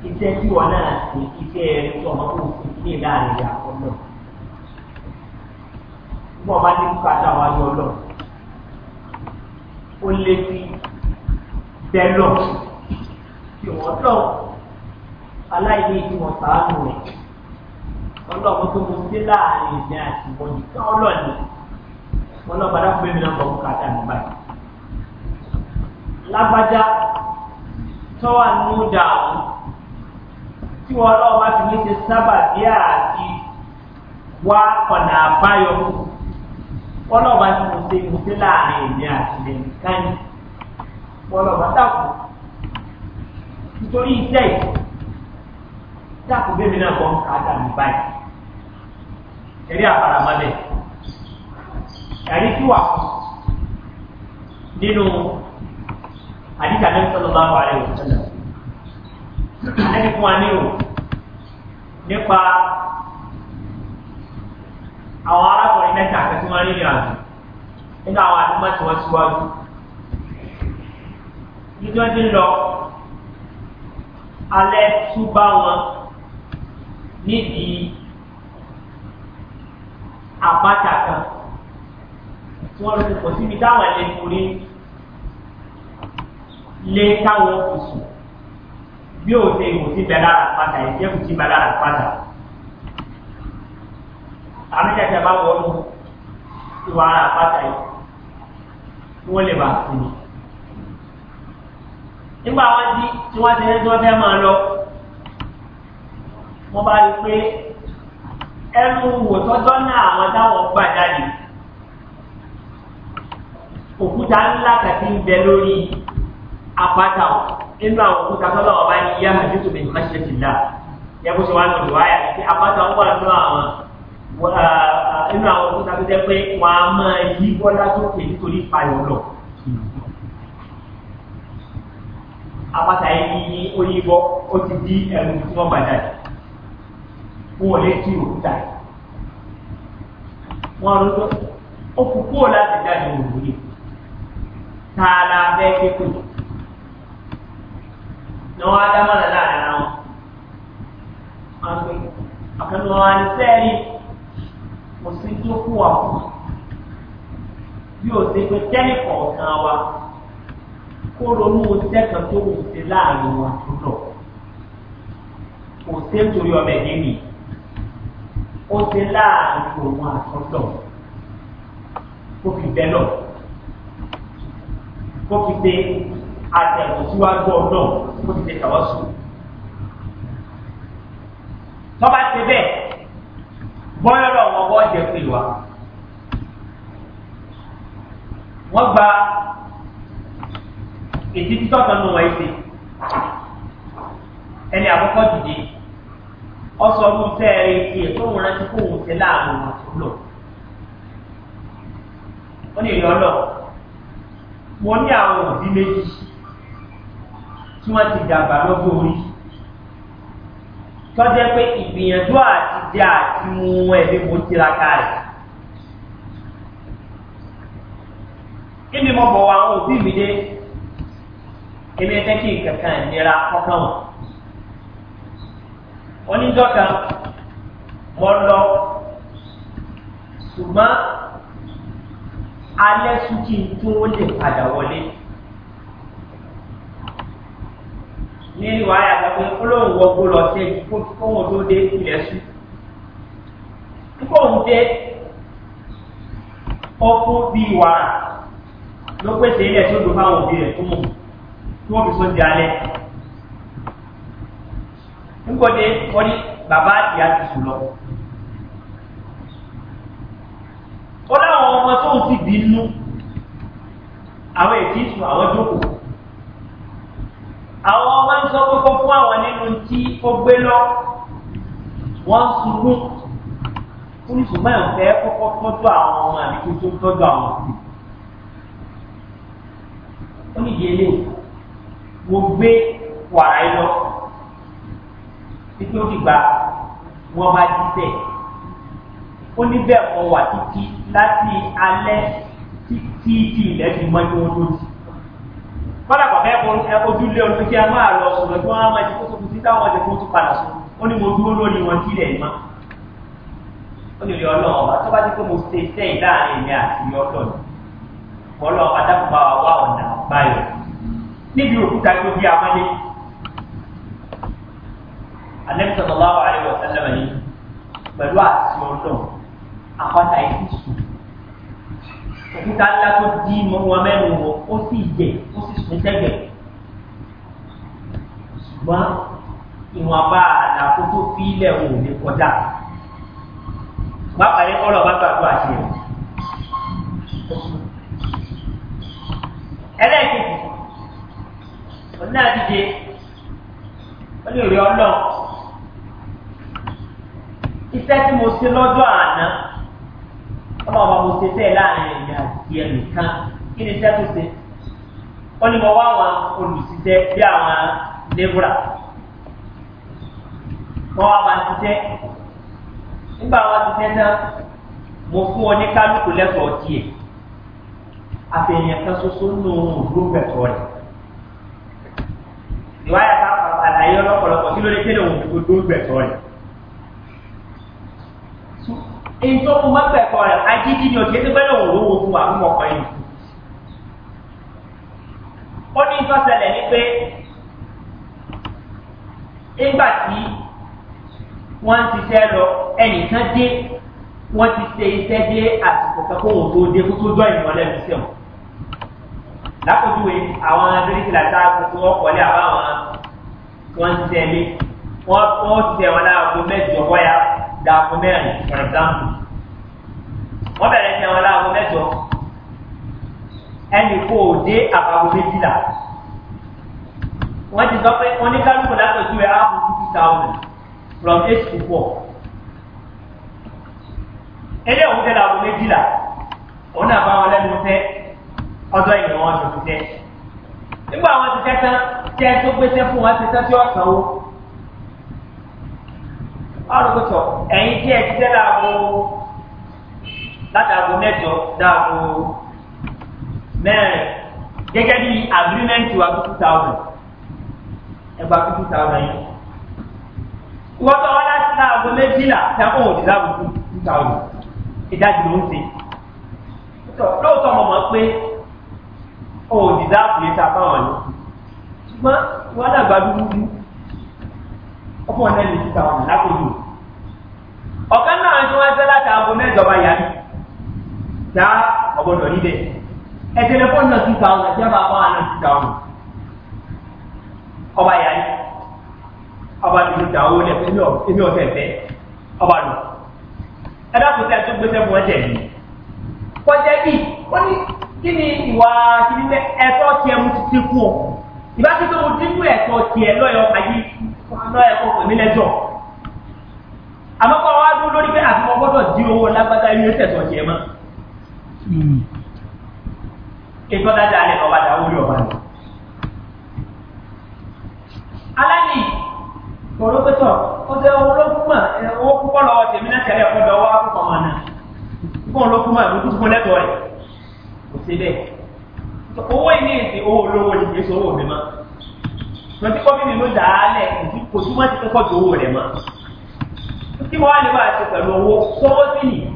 iṣẹ́ tí wọ́n náà ní iṣẹ́ rẹ̀ tó ọmọ kò sí ní láàrin ìyá bí wọ́n bá ní bùkátà wájú ọlọ́ ó lé sí bẹ́lọ̀ tí wọ́n lọ́wọ́ aláìní ìtumọ̀ sàánù rẹ̀ ọlọ́run tó mo sí láàrin ìdí àti wọn nìkan ọlọ́ọ̀ni wọn lọ padà fún mi lọ́kọ̀ fún kàtà nígbà yìí. lágbájá tọ́wà nínú dààmú tí wọn lọ́wọ́ bá fi ní ṣe sábà bí àti wá ọ̀nà àbáyọ wọn lọ́wọ́ ti mo ṣe mo sí láàrin ìdí àti ìdí yìí wọn lọ́wọ́ bá nítorí iṣẹ́ dákun bẹ́ẹ̀ mi náà kọ́ ká dà mí báyìí eré àfaramalẹ̀ ẹ̀rí tí wà nínú àdìsá ní sọ́dọ̀ bá wà lẹ́wọ̀ sọ́dọ̀ ẹni fún wa nírò nípa àwọn arákùnrin mẹ́ta àti tí wọ́n rí ìrìn àjò nínú àwọn àdúgbò tí wọ́n síwájú nítorí lọ alẹ́ tún bá wọn níbi àbáta kan tí wọ́n lè pọ̀ síbi táwọn ẹlẹ́kùn rí lé táwọn òsùn bí ó ṣe ìwò sí bẹ́ẹ̀ lára àpáta ìjẹ́ kù sí bẹ́ẹ̀ lára àpáta. àmì tẹ̀sẹ̀ bá wọ́n ìwà ara àpáta yìí kí wọ́n lè bá a sinmi. nígbà wọn di tí wọ́n ti ń sọ fẹ́ máa lọ wọ́n bá rí pé ẹnu wò tọ́jọ́ náà àwọn táwọn gbà jáde òkúta ńlá kàtí ń bẹ lórí apáta o nínú àwọn òkúta tọ́lọ́ ọba ní yá àdúgbò mi má ṣe tìlá yẹ kó ṣe wá lọ́dọ̀ wáyà pé apáta ń wà nínú àwọn nínú àwọn òkúta tó jẹ́ pé wọ́n á máa yí bọ́lá tó kè nítorí payọ̀ lọ. apáta yìí ní oyinbọ ó ti di ẹnu tí wọ́n gbà wọn ò lè tí òkúta yìí wọn ló tó ó kú kúrò láti jáde òru yìí tààlà abẹ́ pépè ní wọn adámọ̀nà láàrin ara wọn wọn pé àkànnà wọn ni sẹ́ẹ̀rì kò sí tó kú wà fún bí ó ṣe pé tẹ́lẹ̀ kọ̀ọ̀kan wa kó ronú oṣiṣẹ́ kan tó wù sí láàrin wa tó lọ kò sí nítorí ọbẹ̀ nínú ó ṣe láàrin òun àtọ́tọ̀ kó fi bẹ́lọ̀ kó fi pe àtẹ̀wò síwájú ọ̀dọ̀ kó fi pe tàwọ́sùn. tọ́ba ti bẹ́ẹ̀ bọ́yọ̀rọ̀ wọn bọ́ jẹ pé wa wọ́n gba ètí títọ́ kan nù wáyé ẹni àkọ́kọ́ dìde ọsọ ọmú sẹ́ẹ̀rì tiẹ̀ tó ń rántí kó òun ṣe láàbò wọn tó lò. ó ní ìyọ́ lọ mo ní àwọn òbí méjì tí wọ́n ti dàgbà lọ́gbọ̀n orí tọ́jẹ́ pé ìgbìyànjú àti jẹ́ àti mú ẹ̀mí mo tiraka rẹ̀. Ibi mo bọ̀ wọ àwọn òbí mi dé, èmi ẹ fẹ́ kí nǹkan kan ìnira kọ́kàn wọn oníjọ́ kan mọ lọ ṣùgbọ́n alẹ́ sùkì tó lè padà wọlé ní ìwà àyàgbọ́ pé olóhùn wọgbó lọ sí ẹbí kóhùn tó dé ilẹ̀ sùn kóhùn dé ọkùn bíi wàrà ló pèsè ilẹ̀ tó dùn fáwọn òbí rẹ̀ tó mọ̀ tí wọ́n fi sọ́jà alẹ́ ńgbọ́ de wọ́n ní bàbá àti àti sùn lọ. ó láwọn ọmọ tó ń sì bí nú àwọn èdè sùn àwọn jókòó. àwọn ọmọ ń sọ pé kó fún àwọn nínú tí ó gbé lọ wọ́n ń sunkún oníṣùgbọ́n ẹ̀ ń fẹ́ kọ́kọ́ tọ́jú àwọn ọmọ àbí kí n tó tọ́jú àwọn òbí. ó nídìí eléyìí gbé wàrà yìí lọ títí ó dìgbà wọ́n bá jíṣẹ́ ó ní bẹ́ẹ̀ kọ́ wà títí láti alẹ́ títí tí ilẹ̀ fi mọ́ ní wọn lójú kọ́dà bàbá ẹ̀kọ́ ojúlé ọdún kí a máa lọ sọ̀rọ̀ tí wọ́n á máa ti kó tóbi sí táwọn ọ̀dẹ̀ tó tún padà sùn ó ní mo dúró lórí wọn tí ilẹ̀ mọ́ ó lè rí ọlọ́run ọba tó bá ti pé mo ṣe sẹ́yìn láàrin èmi àti ọlọ́run ọlọ́run adákùnbá wa wà ọ̀nà báyọ̀ níbi òkúta tó Ànábì sallallahu alaihi wasallam ni pẹ̀lú àti ọlọ́run àpáta ẹ̀sìn sùn. Òkúta ńlá tó dí wọn mẹ́nu wọn, ó sì yẹ, ó sì sùn sẹ́gbẹ̀ẹ́. Ṣùgbọ́n ìwọ̀nba àlàfo tó fi ilẹ̀ wò ní kọjá. Bákan ní ọlọ́ bá gbàgbọ́ àti rẹ̀. Ẹlẹ́ẹ̀kejì, òun náà dìde, lè rí ọlọ́run iṣẹ́ tí mo ṣe lọ́jọ́ àná ọlọ́ọ̀bá mo ṣe tẹ́ láàrin ẹ̀yà àti ẹnìkan kí ni iṣẹ́ tó ṣe ó ní mo wá àwọn olùṣiṣẹ́ bí àwọn lébùrà wọ́n wá bá ṣiṣẹ́ nígbà wọn ṣiṣẹ́ náà mo fún ọ ní kálukú lẹ́tọ̀ọ́ tiẹ̀ àfẹ̀yìn kan ṣoṣo nù òdúró pẹ̀tọ́ rẹ̀ ìwáyà ká àlàyé ọlọ́pọ̀lọpọ̀ kí ló dé kéde òun òdúró pẹ̀tọ́ rẹ̀ ntọ́ fún mọ́tò ẹ̀kọ́ rẹ̀ agídí ni òjì ẹgbẹ́ náà wò wò fún wa fún ọkọ̀ yìí. ó ní ìtọ́sẹ̀lẹ̀ ni pé nígbà tí wọ́n ti ṣiṣẹ́ lọ ẹnìkan dé wọ́n ti ṣe iṣẹ́ dé àsìkò kan kó tó dé kó tó jọ ìmọ̀lẹ́ sí ọ̀. lápòjúwe àwọn bíríkìlà tá a kókó ọkọ̀lẹ́ àbáwọn tí wọ́n ti ṣẹ́ lé wọ́n ti ṣẹ́ wọn láàbò mẹ́jọ bọ́yá dààmú mẹ́rin for example wọ́n bẹ̀rẹ̀ ṣe wọn láàbọ̀ mẹ́jọ ẹnì kò dé àbáwọ̀ méjìlá wọ́n ti sọ pé oníkálukú látọ̀jú ẹ̀ áàbù two thousand from eight to four ẹlẹ́ òun tẹ́lẹ̀ àbọ̀ méjìlá òun náà bá wọn lẹ́nu tẹ́ ọjọ́ ìrìn wọn ṣòfin tẹ́ nígbà wọn ti tẹ́tán tẹ́ tó gbéṣẹ́ fún wọn ti tẹ́ tí ọ̀sán o. Ọ̀rọ̀ tó sọ̀rọ̀ ẹ̀yin tí ẹ ti tẹ́ láago látàgo mẹ́jọ dáago mẹ́rin gẹ́gẹ́ bí agreement wa two thousand ẹgbà two thousand yìí wọ́n tọ́ wọ́n láti láago méjìlá sẹ́kùn òdì láago two thousand ìdájì ló ń ṣe lóòótọ́ mọ̀ mọ́ pé òdì láago yẹn ta fáwọn ni ṣùgbọ́n wọ́n dàgbà dúdú ọkọ̀ náà lè two thousand lápò ọ̀kan náà tí wọ́n ṣe láti aago mẹ́jọba yàrá dá ọgbọ́dọ̀ níbẹ̀ ẹ tẹlifóònù náà two thousand ẹ̀jẹ̀ bá wọn àná two thousand ọba yàrá ọba tó ti dà owó lẹ fún èmi ọ̀fẹ́ fẹ́ ọba lò ẹ dákun tí a tó gbéṣẹ́ fún ẹ̀jẹ̀ yìí kọjá bí ó ní kí ni ìwà kìíní bẹ ẹ̀tọ́ tiẹ̀ mu ti ti kú ọ ìbá tó tó mu ti kú ẹ̀tọ́ tiẹ̀ lọ́yọ̀ ayé lọ́yọ̀ kọ̀ọ̀kan mi lẹ́jọ́ àmọ́ kọ́ wá dúró lórí pé àtúmọ̀ gbọ́dọ̀ di owó lágbádá ilé tẹ̀sán jẹ mọ́. Hmm. ètò dáadáa lẹ́nu ọba dáwọ́ orí ọba rẹ̀. aláàlì kòró pẹ́tọ̀ ó jẹ́ owó lókùnmọ̀ owó púpọ̀ lọ́wọ́ tèmi náà tẹ̀lé ẹ̀kọ́ dọ̀wọ́ akókò ọmọ náà púpọ̀ lókùnmọ̀ ló kú fún lẹ́tọ̀ọ́ rẹ̀ kò sí bẹ́ẹ̀. owó ilé ìsìn owó olówó ni kì í sọ owó mi mọ́. lọ́tí kọ́ kí wọ́n á lè bá ṣe pẹ̀lú owó sọ́wọ́ sí ni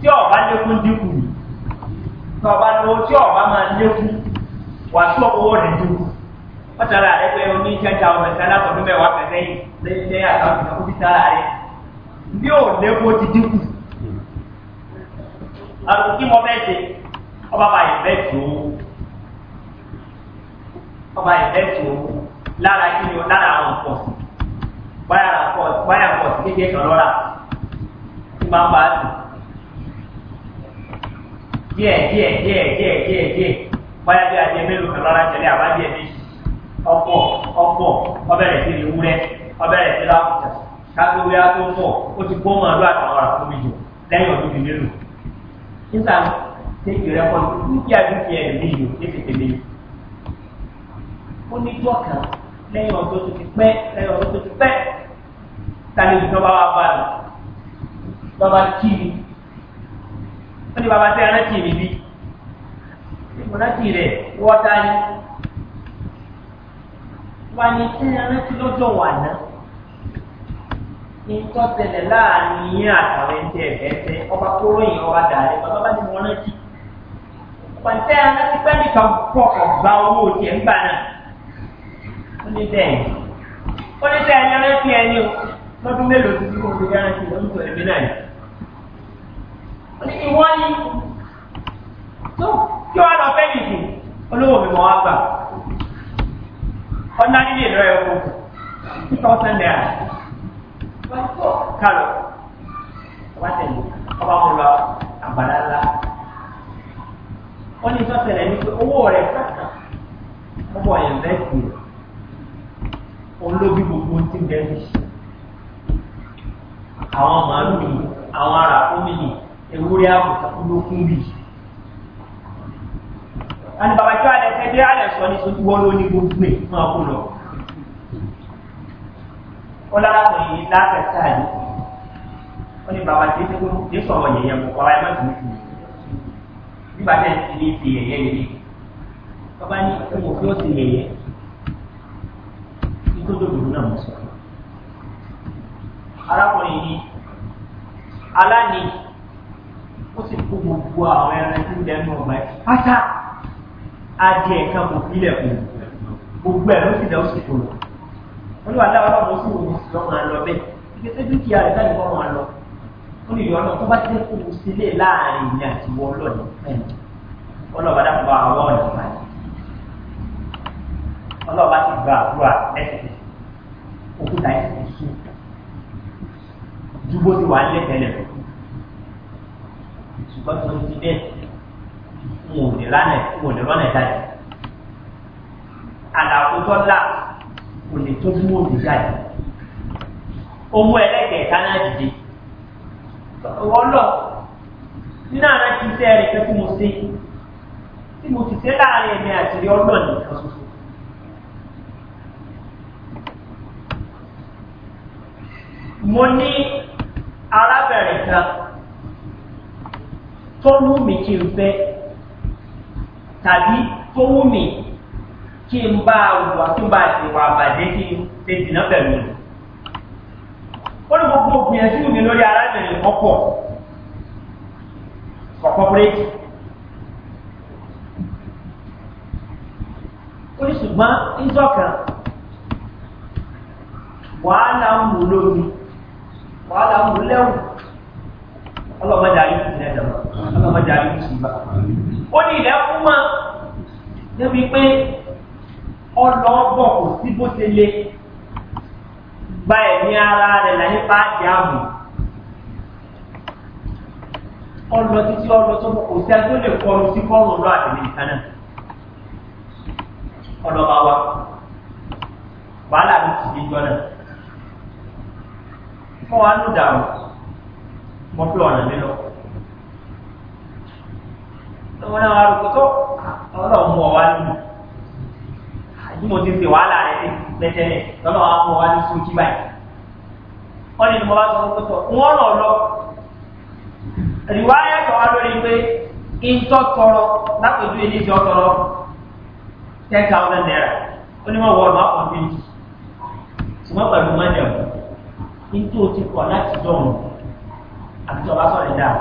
tí ọ̀bá lékún dínkù ni tí ọ̀bá lówó tí ọ̀bá máa lékún wà sí owó rẹ̀ dínkù wọ́n tara rẹ̀ pé oní ìjẹta ọmọ ẹ̀sẹ̀ alátọ̀dún mẹ́wàá pẹ̀ lẹ́yìn lẹ́yìn àtàwọn ìjọba ti tara rẹ̀ bí ò lékún ti dínkù àrùn kí wọ́n bẹ́ẹ̀ ṣe ọba bá yẹ bẹ́ẹ̀ tó ọba yẹ bẹ́ẹ̀ tó lára kí ni lára àwọn nǹkan sí báyà pọ̀ báyà pọ̀ sí kékeré tí máa bá a díẹ̀ díẹ̀ díẹ̀ díẹ̀ díẹ̀ díẹ̀ báyà bí adé mélòó kan lọ́la tẹ̀lé àbájẹ́ mi ọ̀pọ̀ ọ̀pọ̀ ọbẹ̀rẹ̀ sí ni wúrẹ́ ọbẹ̀rẹ̀ sí lákùtà kágbéwé á tó pọ̀ ó ti gbọ́ màálù àtàwọn ọ̀rà fún mi jù lẹ́yìn ọdún mi mélòó nígbà tí ìrẹ́ pọ̀ dúkìá dúkìá ẹ̀ mi yò ní tètèlé ní jọ́ka lẹ́yìn ọdún tó ti pẹ́ lẹ́yìn ọdún tó ti pẹ́ sáré ju tọ́ba wa bá lọ tọ́ba tì mí wọ́n ní bàbá tẹ́ ẹran tì mí bí ìmọ̀lá tì rẹ̀ wọ́ta ni wà ní ẹran tì lọ́jọ́ wà náà nǹkan tẹ̀lẹ̀ láàrin yín àtàwọn ẹ̀ńtẹ̀ ẹ̀fẹ́ ọba kóró yìí ọba dàrẹ́ bàbá bá ní wọn rántí pàtẹ́ aláti pẹ́ nìkan pọ̀ ọ̀gbà owó tiẹ̀ ń gbà náà ó ní bẹ́ẹ̀ ó ní o lọ́dún mélòó ti bí mo ti yára sí wọ́n tó ẹ̀mí náà yìí. ó ní ìwọ́ ni tó kí wọ́n lọ fẹ́ nìkì olówó mi mọ̀ wá gbà. ọ̀nà nílé ìlú ẹ̀ kú two thousand naira. kálọ̀ ọba tẹ̀lé ọba mo lọ àgbàlá ńlá. wọ́n ní sọ́sẹ̀lẹ̀ ní pé owó rẹ̀ kàkà ọbọ̀ yẹn bẹ́ẹ̀ sí olóbi gbogbo ti bẹ́ẹ̀ sí àwọn màálù nìyí àwọn ará fún mi nìyí ewúrẹ́ àbùkù ló kún bì. àti bàbá tí wàá lẹsẹ dé àlẹ sọ ní sojú wọn ló ní gbogbo ẹ fún ọkọ lọ. ó lára pè é láfẹsẹ àlè ó ní bàbá tí ní sọ̀rọ̀ yẹ̀yẹ̀ mọ̀ kọ́ra ẹ̀ má tún tún nígbà tẹ̀ sí ní ti yẹ̀yẹ̀ yẹ̀yẹ̀ bàbá ní ìwòfin ó ti náà mọ̀ sọ̀rọ̀ arákùnrin yìí aláni ó sì kó gbogbo àwọn ẹran tí ń dẹnu ọgbà ẹ pátá adìẹ kan kò bílẹ̀ kù gbogbo ẹ̀ ló sì dá ó sì kúrò wọn lọ aláwọ ọlọmọ sí òun sì lọ máa lọ bẹ́ẹ̀ ìgbésẹ̀ dúkìá rẹ̀ sáà ní wọn máa lọ ó lè yọ ọ náà tó bá ti kó o sílé láàrin ìyẹn àti ìwọ ọlọ́ọ̀ni ọlọ́ọ̀bá dàpọ̀ àwọn ọ̀nà ìpàdé ọlọ́ọ̀bá ti gba àbúrò àtẹ́sẹ̀ òkúta ẹ̀sẹ̀ ju bó ti wà lẹ́ tẹ́lẹ̀ lọ. ṣùgbọ́n tó ti bẹ́ẹ̀ n ò ní lánà n ò ní lọ́nà jáde. àlàfo tó là kò lè tó mú òbí jáde. owó ẹlẹ́gẹ̀ẹ́ta náà dìde. wọ́n lọ nínú àwọn ti sẹ́ rẹ̀ pé kí mo ṣe tí mo ti ṣe láàrin ẹ̀mí àṣírí ọlọ́ọ̀ nìkan ṣoṣo. mo ní arábìnrin kan tó wù mí kí n fẹ́ tàbí tó wù mí kí n bá wà kí n bá ti wà kí n ṣe pẹ̀lú ó ní gbogbo gbìyànjú mi lórí ọkọ̀ wàhálà ń wò lẹ́wù ọlọ́mọdé àríkùsì náà dàbọ̀ ọlọ́mọdé àríkùsì bá ó ní ilẹ̀ fún mọ́ débi pé ọlọ́ọ̀bọ̀ kò sí bó ṣe lé gba ẹ̀mí ara rẹ̀ láyé páàkì ààbò ọlọ títí ọlọ tó kò sí ẹni lè kọrù sí kọrùn lọ wàhálà jọ náà. kọ́ wa nù dàrú mọ́ pé ọ̀nà mi lọ. lọ́wọ́ náà wà lókòtò ọlọ́run mú ọ wá nù. àyè mo ti ṣe wàhálà rẹ̀ lẹ́tẹ̀lẹ̀ lọ́wọ́ wa mú ọ wá ní sójú báyìí. wọ́n ní mo bá sọ lókòtò wọ́n rọ̀ lọ. rìwáyà tó wá lórí pé ìtọ́ tọrọ látòjú ilé ìjọ tọrọ ten thousand naira ó ní wọ́n wọ ọ̀nà àpọ̀ méjì ṣùgbọ́n pẹ̀lú mọ́nyẹ̀mú nítorí o ti kọ̀ láti dọ̀rùn àti tọ́ba sọ̀rọ̀ dáa.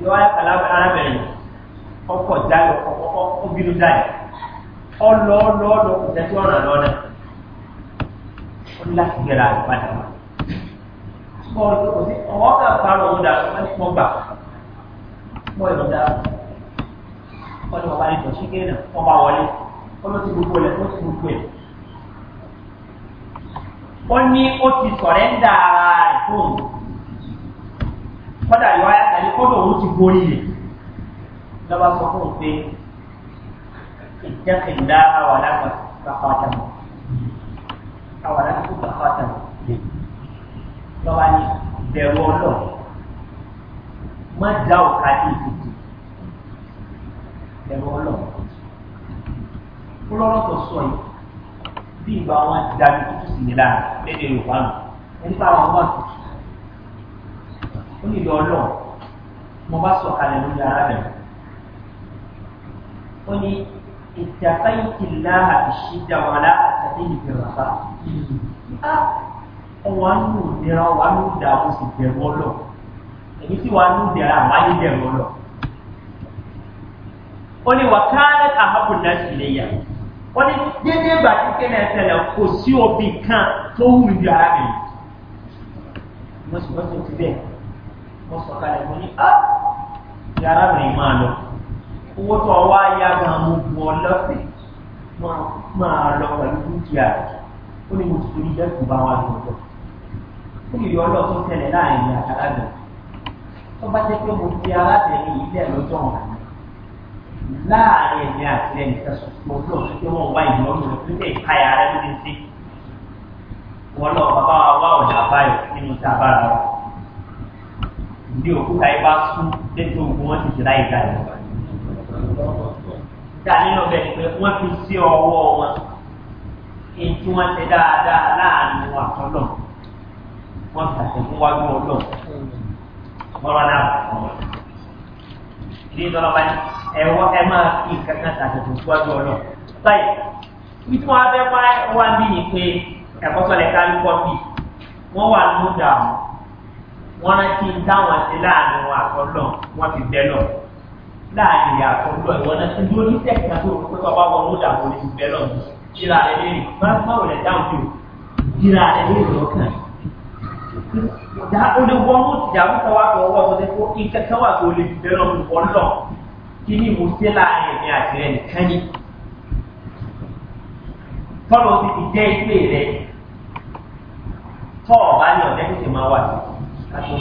Ìwọ arábìnrin ọkọ̀ jáde ọkọ̀ obìnrin jáde ọlọ́ọ̀lọ́ọ̀lọ́ kò tẹ́tí ọ̀nà lọ́nà ó ní láti gbéra àgbàdà wa. Bọ́ọ̀lù kò sí ọwọ́ kà bá lọ ọ̀dà wọn ní pọ́ngbà bọ́ọ̀lù ọ̀dà ọ̀dà ọ̀bá ní tọ̀síkẹ́ náà ọba wọlé ọlọ́tí gbogbo ẹ̀ ọlọ́tí gbogbo ẹ̀ ó ní ó ti sọ̀rẹ́ńdà ara rẹ̀ fóun kọ́dà ìwà àyè kọ́dà òun ti borí rẹ̀ lọ́ba sọ fóun pé ìjẹ́kìndá àwàdà kàkọ́ àtàwọn àwàdà kàkọ́ àtàwọn lọ́ba ní bẹ̀rù ọlọ́ má dá òkà ní ìdìbò bẹ̀rù ọlọ́ kúlọ́rọ́ tó sọ yìí bí ìgbà wọn ti dájú tútù sí mi lára lédè yorùbá nù ẹni bá wọn wà tútù ó nílò ọlọ́run mo bá sọ kalẹ̀ lórí ara rẹ̀ ó ní ìtàkàyìntì lára ìṣídà wọn lára àtàdé ìbẹ̀rẹ̀ bá ọwọ́ nù nira wà nù dààmú sí bẹ̀rù ọlọ́ èyí sì wà nù nira àwáyé bẹ̀rù ọlọ́ ó ní wàkàrẹ́ àhàbùnà sílẹ̀ yàrá wọ́n ní dédé ìgbà tí kéde ẹ̀sẹ̀lẹ̀ kò sí obì kan tó wù ní ara mi. mo sì wọ́n ti ti bẹ́ẹ̀ mo sọ kalẹ̀ mo ní á ah, yàrá mi máa lọ owó tó wá yá gan mo bu ọ lọ́sẹ̀ máa lọ pẹ̀lú dúkìá rẹ̀ ó ní mo sọ ìjẹ́ kó bá wa lọ bọ̀ ó ní ìyọ́lọ́ tó tẹ̀lé láàrin ìyá alágbọ̀n tó bá jẹ́ pé mo fi arábìnrin ilé lọ́jọ́ ọ̀hún láàrin ẹ̀mí àti ẹnì kẹsàn mo lọ sí pé wọ́n wá ìmọ̀ mi lọ nígbà ìpayà rẹ ló ti ń sí. wọn lọ bàbá wa wá ọ̀dà báyọ̀ nínú tá a bára wọn. bí òkúta ibà sún lẹ́tọ́ ogun wọn ti jìlá ìdá rẹ̀ wá. nínú ọbẹ̀ ni pé wọ́n fi sí ọwọ́ wọn èyí tí wọ́n ṣe dáadáa láàrin wọn àtọ́lọ̀ wọ́n ṣàtẹ̀kún wájú ọlọ́ọ̀ wọ́n rán ẹ̀wọ́ ẹ máa fi kankan tàtàtà síwájú ọlọ́ báyìí ibi tí wọ́n á fẹ́ wá wá bí ni pé ẹ̀kọ́ sọ̀lẹ̀ kárí kọ́pì wọ́n wà ló dà wọ́n rántí táwọn ṣe láàrin wọn àtọ́lọ́ wọ́n ti bẹ́ lọ láàrin ìyá àtọ́lọ́ ìwọ náà ti dúró ní tẹ̀sán tó rò pé bàbá wọn ló dà wọ́n ti bẹ́ lọ ìlà rẹ̀ lè rìn bá báwo lẹ̀ dáhùn tó ìlà rẹ̀ lè rìn lọ́kàn da olè wọ́n mú ti dàrú káwá kọ̀ ọwọ́ tó dé kó ìkẹ́kẹ́ wà tó lè bẹ́ lọ́kùn ọlọ́ọ̀ Kini ni mo ṣe láàrin ẹ̀mí àti rẹ̀ nìkan ni tọ́lọ́ ti ti jẹ́ ìpè rẹ̀ tọ́ ọ̀bá ní ọ̀dẹ́ tètè máa wà sí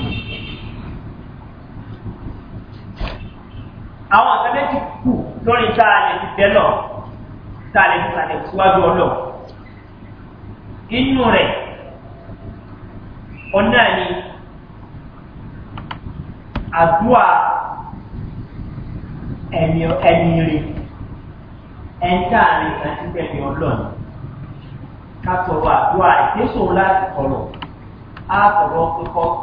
àwọn àgbẹ̀dẹ́ ti kù lórí tá a lè ti bẹ́ lọ tá a lè ti sàlẹ̀ síwájú ọlọ́ inú rẹ̀ ọ̀nà ni àdúrà ẹni ẹni rè ẹ̀ńtà rè àti bẹ̀rẹ̀ ọlọ́run ká tọrọ àdúrà ìgbésò láti kọlọ̀ á tọrọ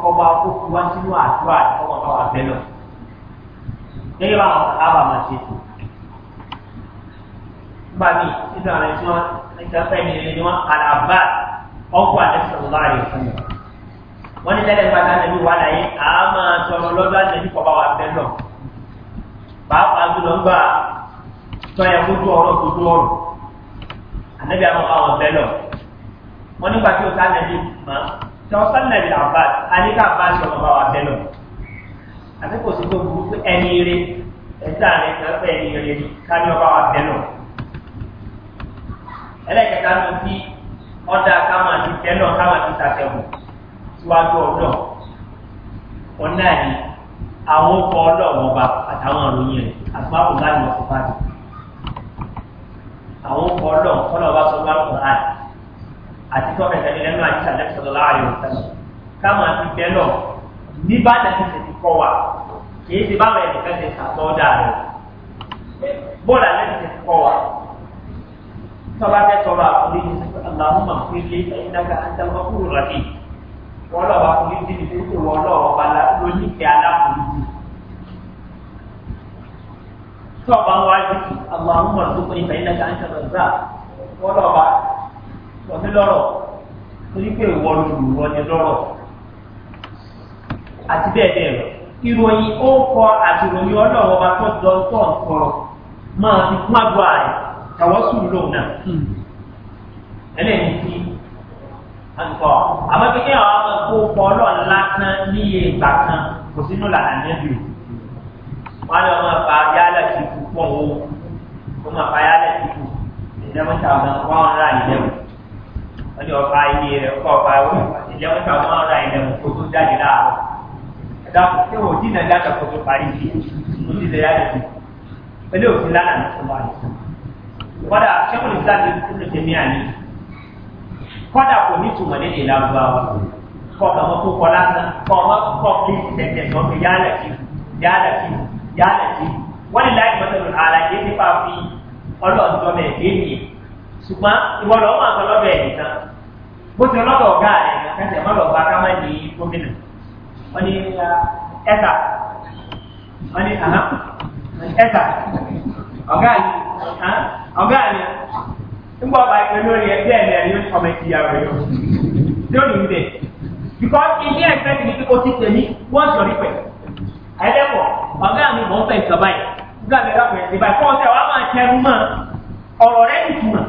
kọba òkú wá sínú àdúrà ìkọ́kọ́ bá wà bẹ́ẹ̀ lọ. gẹ́gẹ́ bá àwọn àbá máa ṣe tò. nígbà míì títí àwọn ẹni tí wọ́n ń tẹ́fẹ́ ní ilé ni wọ́n àlàbà ọkọ̀ àdẹ́sọ̀rọ̀ láàrin fún wọn. wọ́n ní lẹ́lẹ́gbàdá nínú wàdà yìí àá máa tọrọ lọ́dọ̀ àtẹ̀jú kọ́ bá wà bẹ́ẹ̀ lọ àtúntò ń bá tọ́yẹ kójú ọ̀rọ̀ kójú ọ̀rọ̀ ànábì àwọn àwọn bẹ́ẹ̀ lọ wọn nígbà tí o sá nàbí mọ́ tí wọ́n sọ́nà nàbí làbá àníkà àbá ṣe ọmọ bá wa bẹ́ẹ̀ lọ àti kò sí gbogbo pé ẹni eré ẹ̀dá rẹ̀ kẹ́fẹ́ ẹni eré káni ọba wa bẹ́ẹ̀ lọ ẹlẹ́kẹ̀ta ló ti ọ̀dà káwọn ti bẹ́ẹ̀ lọ káwọn ti sàtẹ̀wò síwájú ọ̀dọ̀ ọ̀nà yìí àwọn ọkọ̀ ọlọ́run ọba àtàwọn ìròyìn rẹ̀ àgbáwò láì lọ fún báyìí àwọn ọkọ̀ ọlọ́run kọ́lọ̀ ọba sọ bá kọ̀ láì àti tọ́kẹ̀tẹ̀ ní ẹnu àti sàlẹ́sọ̀tọ̀ láàrin òtẹ́sù káwọn àti bẹ́ẹ̀ lọ ní bá tẹ̀sí tẹ̀sí kọ́ wa kì í ti báwọn ẹnìkan ṣe sàtọ́dà rẹ̀ bọ́ọ̀lù alẹ́ ti tẹ̀sí kọ́ wa tọ́ba tẹ́ tọ́ba àkúrí ní sàkóso àlàmúmà fún ilé wọ́n lọ́wọ́ àforíjì ní pípé wọ́n lọ́wọ́ ọba lóníkẹ́ aláforíjì. tí ọba ń wá jìkì àwọn àwọn ọmọ tó kọ ìfẹ́ ilẹ̀ ká ń ṣe lọ́dọ̀ wọ́n lọ́wọ́ sọ̀mí lọ́rọ̀ torí pé ìwọ olùrọ̀ ni lọ́rọ̀ àti bẹ́ẹ̀ bẹ́ẹ̀ lọ. ìròyìn ó kọ àti ìròyìn ọlọ́wọ́ ọba tó dán tó ń kọrọ máa fi kún àgbà rẹ̀ tàwọ́sùn lòun náà ẹlẹ́yìn tí àtùkọ̀ àmọ́ pé kéèyàn wá máa kó pọ́lọ́ lásán ní iye ìgbà kan kò sínú lànà níbi wọn lọ máa fa yálà sí kú pọ̀ wọ́n ó máa fa yálà sí kú eleven thousand one hundred and eleven wọ́n ní ọ̀fà iye rẹ̀ kọ́ ọ̀fà eleven thousand one hundred and eleven kó tó jáde láàárọ̀ ẹ̀dá kò tí ò dín náà dáta kó tó parí sí i ó ti lè yálà sí i pẹ̀lú òfin lánàá ní sọ́wọ́ àdìsán. wọ́n dà sẹ́kùn ìsìláàmù ìsìláàmù tèmi àná kọ́dà kò ní tùmọ̀ ní ìlà gbàwà kọ́kà mọ́ tó kọ́ lásán kọ́ ọmọ kọ́ kí tẹ̀tẹ̀ tó fi yálà sí yálà sí yálà sí wọ́n ní láì mọ́tò ara yé nípa fi ọlọ́run tó bẹ̀ dé nìyẹn ṣùgbọ́n ìwọ lọ́wọ́ máa tọ́ lọ́bẹ̀ ẹ̀ nìkan bó ti lọ́dọ̀ ọ̀gá rẹ̀ kẹsẹ̀ má lọ́ọ́ bá ká má ní gómìnà wọ́n ní ah, ẹ̀ta wọ́n ní ẹ̀ta ńgbọ́ ọba ìpẹ́ lórí ẹ bẹ́ẹ̀ ni ẹ̀yọ́ ọmọ ẹ̀kí ya rẹ̀ yọ lónìí bẹ́ẹ̀ because ilé ẹ̀fẹ́ ti ní kó ti tẹ̀ ní wọ́n sọ rí pẹ̀ ẹ̀dẹ́pọ̀ ọ̀gá mi mọ̀ ń fẹ́ ìsọ̀bá yìí nígbà tí ẹ̀dá pẹ̀lú ìbá ìfọ́ ọ̀sẹ̀ wàá máa tẹnu mọ́ ọ̀rọ̀ rẹ̀ ti túmọ̀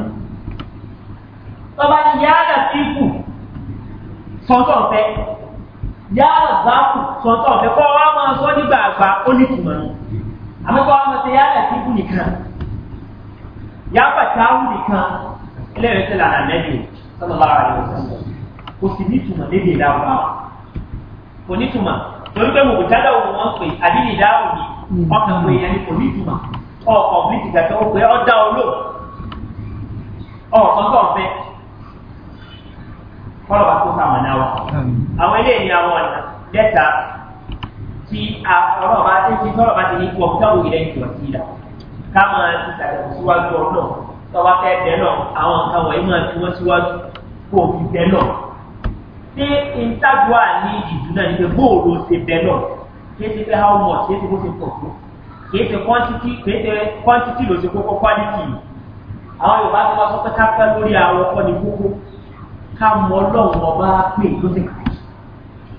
tọ́ba ni yára sí ikú sọ́tọ̀ ọ̀fẹ́ yára gbáàkù sọ́tọ̀ ọ̀fẹ́ kọ́ wa máa sọ nígbà àgbà ó ní túmọ̀ àmọ́ wa máa ṣe yára sí ikú nìkan yàgbà táwọn nìkan ẹlẹ́rìí tẹ̀lé ànàmẹ́lì sọ́lọ́lá àrẹ òṣèlú kò sì nítumọ̀ lédè láwùrá kò nítumọ̀ torí pé mo kò jáde òun wọn pè àdínì dáhùn ni ọkàn pé ẹni kò nítumọ̀ ọkọ̀ mi ti gàtọ́ pé ọ dá olóò o tó ọ̀fẹ́ kọ́lọ̀ bá tó sàmà náà wà àwọn eléyìí àwọn ọ̀nà lẹ́ta tí ọlọ́ọ̀bá tí tọ́lọ̀ bá ti ní kú ọ̀pútàwò ilẹ̀ ìjọ sí ìdáwọ̀ káwọn ti ṣàyẹ̀wò síwájú ọ̀nà tọ́wọ́ fẹ́ dẹ́nà àwọn nǹkan wọ̀nyí máa fi wọ́n síwájú kó o fi dẹ́nà. ṣé ìtàgbọ́ àní ìdùnnà ní pé bóòlù ṣe dẹ́nà kí ṣe pé how much kí ṣe bó ṣe pọ̀ tó kì ṣe quantity kì í ṣe quantity ló ṣe kókó quality àwọn yorùbá tó wá sọ pé ká pẹ́ lórí àwọn ọkọ ní kókó ká mọ ọlọ́run ọba pè ló ṣe kàkì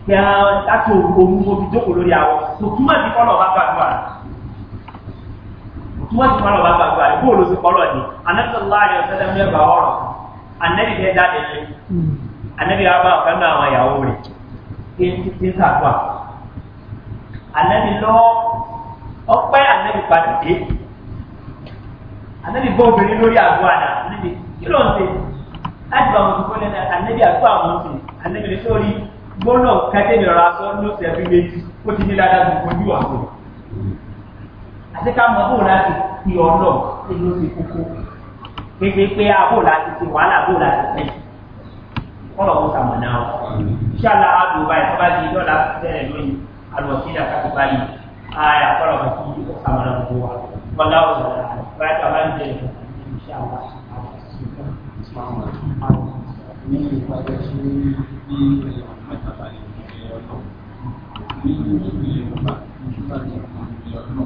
kí á láti òru omi mo fi jókòó lórí tuwọ́n ti fọ́nà bá gbàgbà rẹ̀ bóòlù sí kọ́lọ̀ ni anẹ́tọ̀lá àyọ̀ sẹ́lẹ̀ mú ẹgbà ọ̀rọ̀ anẹ́bí fẹ́ jáde lé anẹ́bí wa bá ọ̀fẹ́ náà àwọn ìyàwó rẹ̀ kí n ti sàtúwà anẹ́bí lọ ọpẹ́ anẹ́bí padà dé anẹ́bí bọ́ obìnrin lórí àgọ́ àná anẹ́bí kí ló ń ṣe láti bá wọn kó lẹ́nu anẹ́bí àgbà wọn ṣe anẹ́bí lè sórí gbóná kẹ́tẹ́ mi rà sọ́ lóṣèlú méjì ó ti ní ládàá gbogbo ojú àwọn àti ká mọ bó láti fi ọlọ tí ló ti kókó pépépé abó láti ti wàhálà bó láti tẹ kọlọ kó sàmọnà ọ ṣáàlà àbò báyìí tó bá di dọ́là tẹ̀lé lónìí àlọ́sí ìdàkàtì báyìí àyà kọlọ kó kí ó sàmọnà gbogbo wa kọlá ó sàmọnà báyìí tó bá ń jẹ ìṣàlá àwọn ní ìpàdé tí ní ìlànà mẹ́tàlá ìlú ọlọ́run ní ìlú ìlú yorùbá nígbà tí wọ́n ń lọ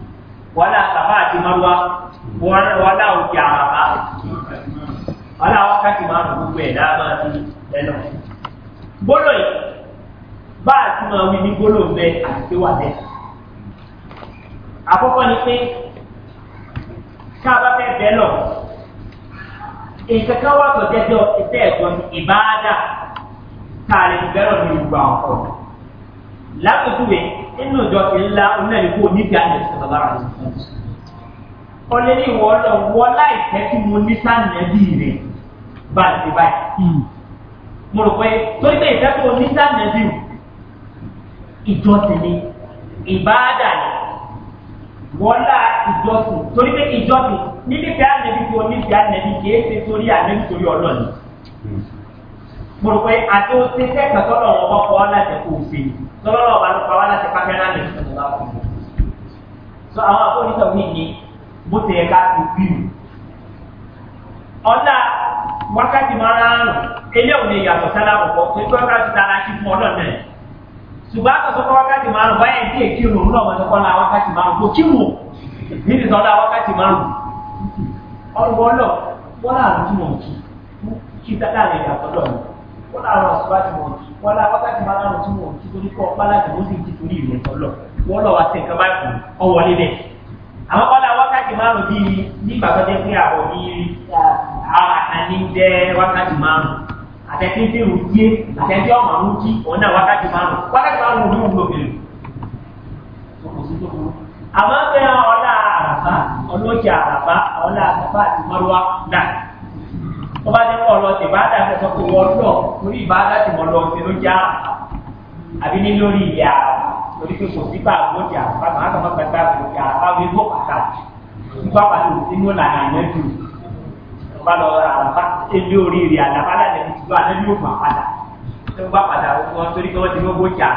Wala, àtàbà àti márùwá wàhálà òkè àràbà wàhálà wákàtí máa rò gbogbo ẹ̀dá máa fi ẹnu. gbólóò yìí bá a ti máa wí ní gbólóò bẹ àti pé wà bẹ́ẹ̀. àkọ́kọ́ ni pé ká bá fẹ́ bẹ́ẹ̀ lọ nǹkan kan wà tó jẹ́jọ́ iṣẹ́ ẹ̀kọ́ ìbáadà tá a lè bẹ́ẹ̀ lọ ní inú ìjọ ti ńlá onílẹ̀ ìkó níbi àlẹ́ ìṣẹ̀lẹ̀ lára rẹ̀. ọlẹ́ ní ìwọ ọlọ́ wọ láìpẹ́ tí mo ní sànẹ́bí rẹ̀ báyìí báyìí. Hmm. mo rò pé torí pé ìfẹ́ tó ní sànẹ́bí ìjọ ti ní ìbáàdà ni wọ́lá ìjọsìn torí pé ìjọsìn níbi ànẹ́bí tí o ní fi ànẹ́bí kìí ṣe torí ànẹ́bí torí ọlọ́ni. Hmm. mo rò pé àti o ti sẹ́kẹ̀ẹ́ tọ́lọ̀ wọn tọ́lọ́rọ̀ wà ló pa wá láti pàmẹ́rà lè sọ̀rọ̀ wá fún un. sọ àwọn àfọwọ́nìtọ̀ mi ni bó ti yẹ ká ti bí mi. ọ̀la wákàtí ni yàtọ̀ sálá kọ̀kọ́ pé kí wákàtí tara ti fún ọlọ́ náà. ṣùgbọ́n àtọ̀sọ́kọ́ wákàtí márùn-ún báyẹn tí èkí rò ń lọ wọn sọ́kọ́ la wákàtí márùn-ún kò kí wò ní ti sọ́lá wákàtí márùn-ún. ọ̀gbọ́n lọ wọ́n láàrú tí wọ́n kì kí tátà lè yàtọ̀ lọ́nà torí kọ́ pálàtì ó sì ti torí ìrìn ọlọ́ wọ́n lọ wá sí nǹkan bá kù ọwọ́ níbẹ̀. àwọn kọ́lá wákàtí márùn bíi nígbà tó jẹ́ pé àwọ̀ ní àní jẹ́ wákàtì márùn àtẹ̀tí tí ò yé àtẹ̀tí ọmọ àwọn kí òun náà wákàtì márùn wákàtì márùn òun wúlò bẹ̀rẹ̀. àmọ́ pé ọlá àràfá ọlọ́ọ̀kì àràfá ọlá àràfá àti mọ́rúwá náà wọ́n bá dé pọ̀ lọ sí ìbáradà àbí ní lórí ìyá torí pé kò sípà àgbọ̀jà àpapọ̀ àtọ̀mọ́ gbàgbà àgbọ̀jà àpapọ̀ egbò pàtàkì nípa pàtó sínú lànà àyànjú ọba lọ àlàfà ẹbí oríire àlàfà lànà ìdìbò àlẹ́bí òkú àpàdà tó bá padà wọn torí pé wọ́n ti mọ́ gbọ́jà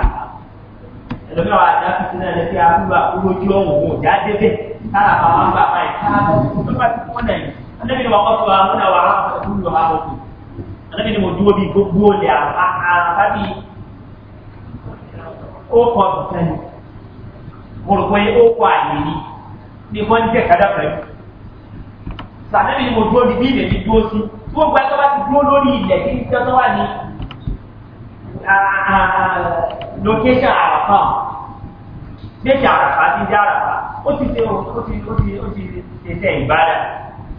ẹlòmí àwọn àjà tuntun náà lẹ́sẹ̀ àbúrò àbúrò ojú ọ̀hún ò já débẹ̀ tára àwọn àgbà máa ká ló bá ti fún náà ẹlẹ́bí ni ó kọ́ ọ̀sán ni mo rò pé ó kọ́ àyè ni ni wọ́n ń jẹ́ kádà pẹ̀lú. sàdébì ni mo dúró di bí ilẹ̀ ti dúró sí gbogbo ẹgbẹ́ bá ti dúró lórí ilẹ̀ kí ní tẹ́tọ́ wà ní location àràfà méjì àràfà ti dé àràfà ó ti ṣe ó ti ó ti ó ti ṣe ìbára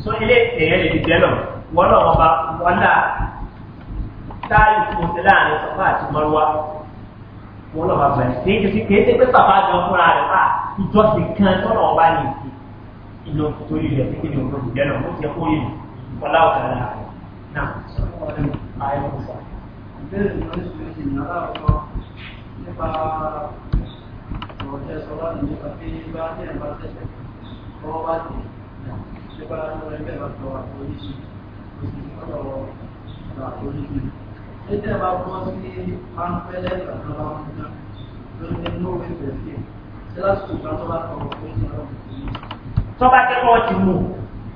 so ilé ìtẹ̀yẹ́ lè ti bẹ́lọ̀ wọ́n náà wọ́n bá wọ́n náà táyì fún òṣèlú àárín sọ́fà àti mọ́rúwá wọn lọ́ba bẹ̀rẹ̀ sí kí kí ṣe pé bàbá gan fúnra rẹ̀ bá ìjọsìn kan tọ́nà ọba ní ìsìn ìlú torí rẹ̀ sí kí ni òun lòdì lẹ́nu ó ti kó yìí ọlá ọ̀gá rẹ̀ náà. ìbéèrè náà ní sùúrù sí ìyá aláwọ̀ nípa ọ̀jẹ̀ sọ́lá ní nípa pé bá tẹ̀ bá tẹ̀sẹ̀ ọwọ́ bá tẹ̀ nípa ẹgbẹ́ bá tọ́ àforíṣi òsì ọ̀dọ̀ àforíṣi ẹjẹ bá bọ́ sí pánpẹ́lẹ́ ìgbàlọ́wọ́ àwọn ọ̀gá lórí inú òwe bẹ̀rẹ̀ ṣe lásìkò ìgbà tó bá tọrọ fún ìgbà tọ́ba kẹ́kọ̀ọ́ ti mú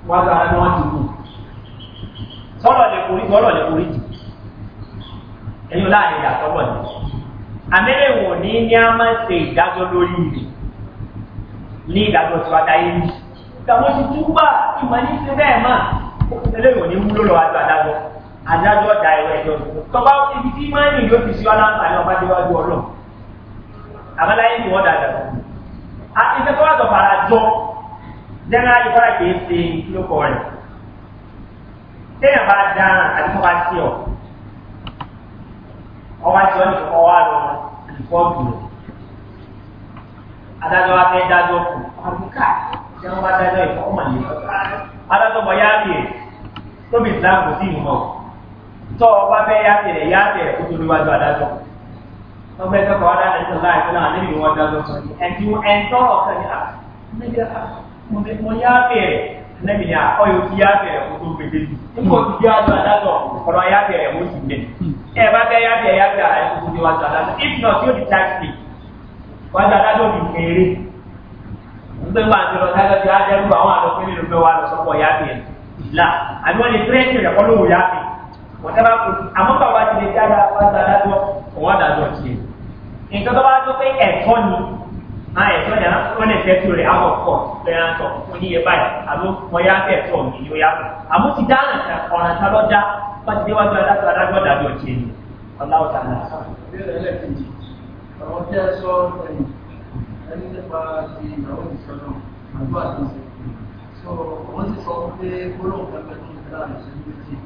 wọn gbà ni wọ́n ti mú sọ́rọ̀ lè forí sọ́rọ̀ lè forí jù ẹ̀yin láàrin ìdàtọ́bọ̀ ni àmẹ́rẹ̀ ní ní a máa ṣe ìdájọ́ lórí rẹ̀ ní ìdájọ́ tí wàá dáyé ní ìgbà wọn ti túbà ìmọ̀ ní ṣe bẹ́ẹ̀ máa eléyìí ò ní wúlò adájọ́ ọ̀dà ẹ̀rọ ẹ̀jọ́ tọ́ba ibi tí mọ́ẹ̀nì yóò fi sí ọ́ láǹfààní ọba déwájú ọlọ́ àbáláyé ni wọ́n dàgbà lọ. àti ìfẹ́ wàá dọ̀bàrà jọ jẹ́nẹ́rà ìfọ́nà kìí ṣe lóko rẹ̀. téèyàn bá dáhùn àti kọ́ bá sí ọ ọba tí wọ́n ti kọ́ wá lọ ìfọ́ọ̀dù rẹ̀. adájọ́ wa fẹ́ dájọ́ kù àbúkà jẹ́wọ́n bá dájọ́ ìfọ́ọ̀mọ̀ yìí. adájọ́ bọ̀ yá bìí tóbi ìsìlámù sí ìmọ̀ tọ́ ọ bá fẹ́ yá tẹ̀lẹ̀ yá tẹ̀lẹ̀ kó torí wájú adájọ́ wọ́n fẹ́ tọ́kọ̀ ọ́dá ẹ̀sìn láì fún àwọn ẹ̀mí wọn dájọ́ sọ ni ẹ̀jú ẹ̀ńtọ́ ọ̀kan ni mo yá bẹ̀rẹ̀ ẹ̀mí ni àkọ́ yóò ti yá bẹ̀rẹ̀ kó tó gbèdé bi nígbà tó di wájú adájọ́ ọ̀rọ̀ yá bẹ̀rẹ̀ mo sì gbẹ̀ ẹ̀ bá fẹ́ yá bẹ̀rẹ̀ yá bẹ̀rẹ̀ kó tó di adájọ́ if not yóò di tax pay wájú adájọ́ mi kéré nígbà tó àti lọ sáyọ́ ti á dẹ́rù àwọn àlọ́ pé nínú pé wà lọ sọ́kọ̀ yá wọ́n tẹ́ bá kú àmọ́ kọ́ bá ti lè dá yàrá wá dá dájọ́ òun àdájọ́ tiẹ̀. nǹkan tó bá tó pé ẹ̀tọ́ ni a ẹ̀tọ́ ni wọ́n lè fẹ́ tó rẹ̀ àwọn ọkọ̀ lẹ́yìn àtọ̀ oníyẹ báyìí àló wọ́n yá fẹ́ tọ̀ mí ni ó yá fún. àmọ́ ti dáhùn ọ̀ràn tá lọ́ dá bá ti déwájú adájọ́ adájọ́ dájọ́ tiẹ̀ ni ọláwọ̀ tá a náà sọ. àwọn tí a sọ ẹni nípa ti ìyàwó ìṣọ́nà sọ wọ́n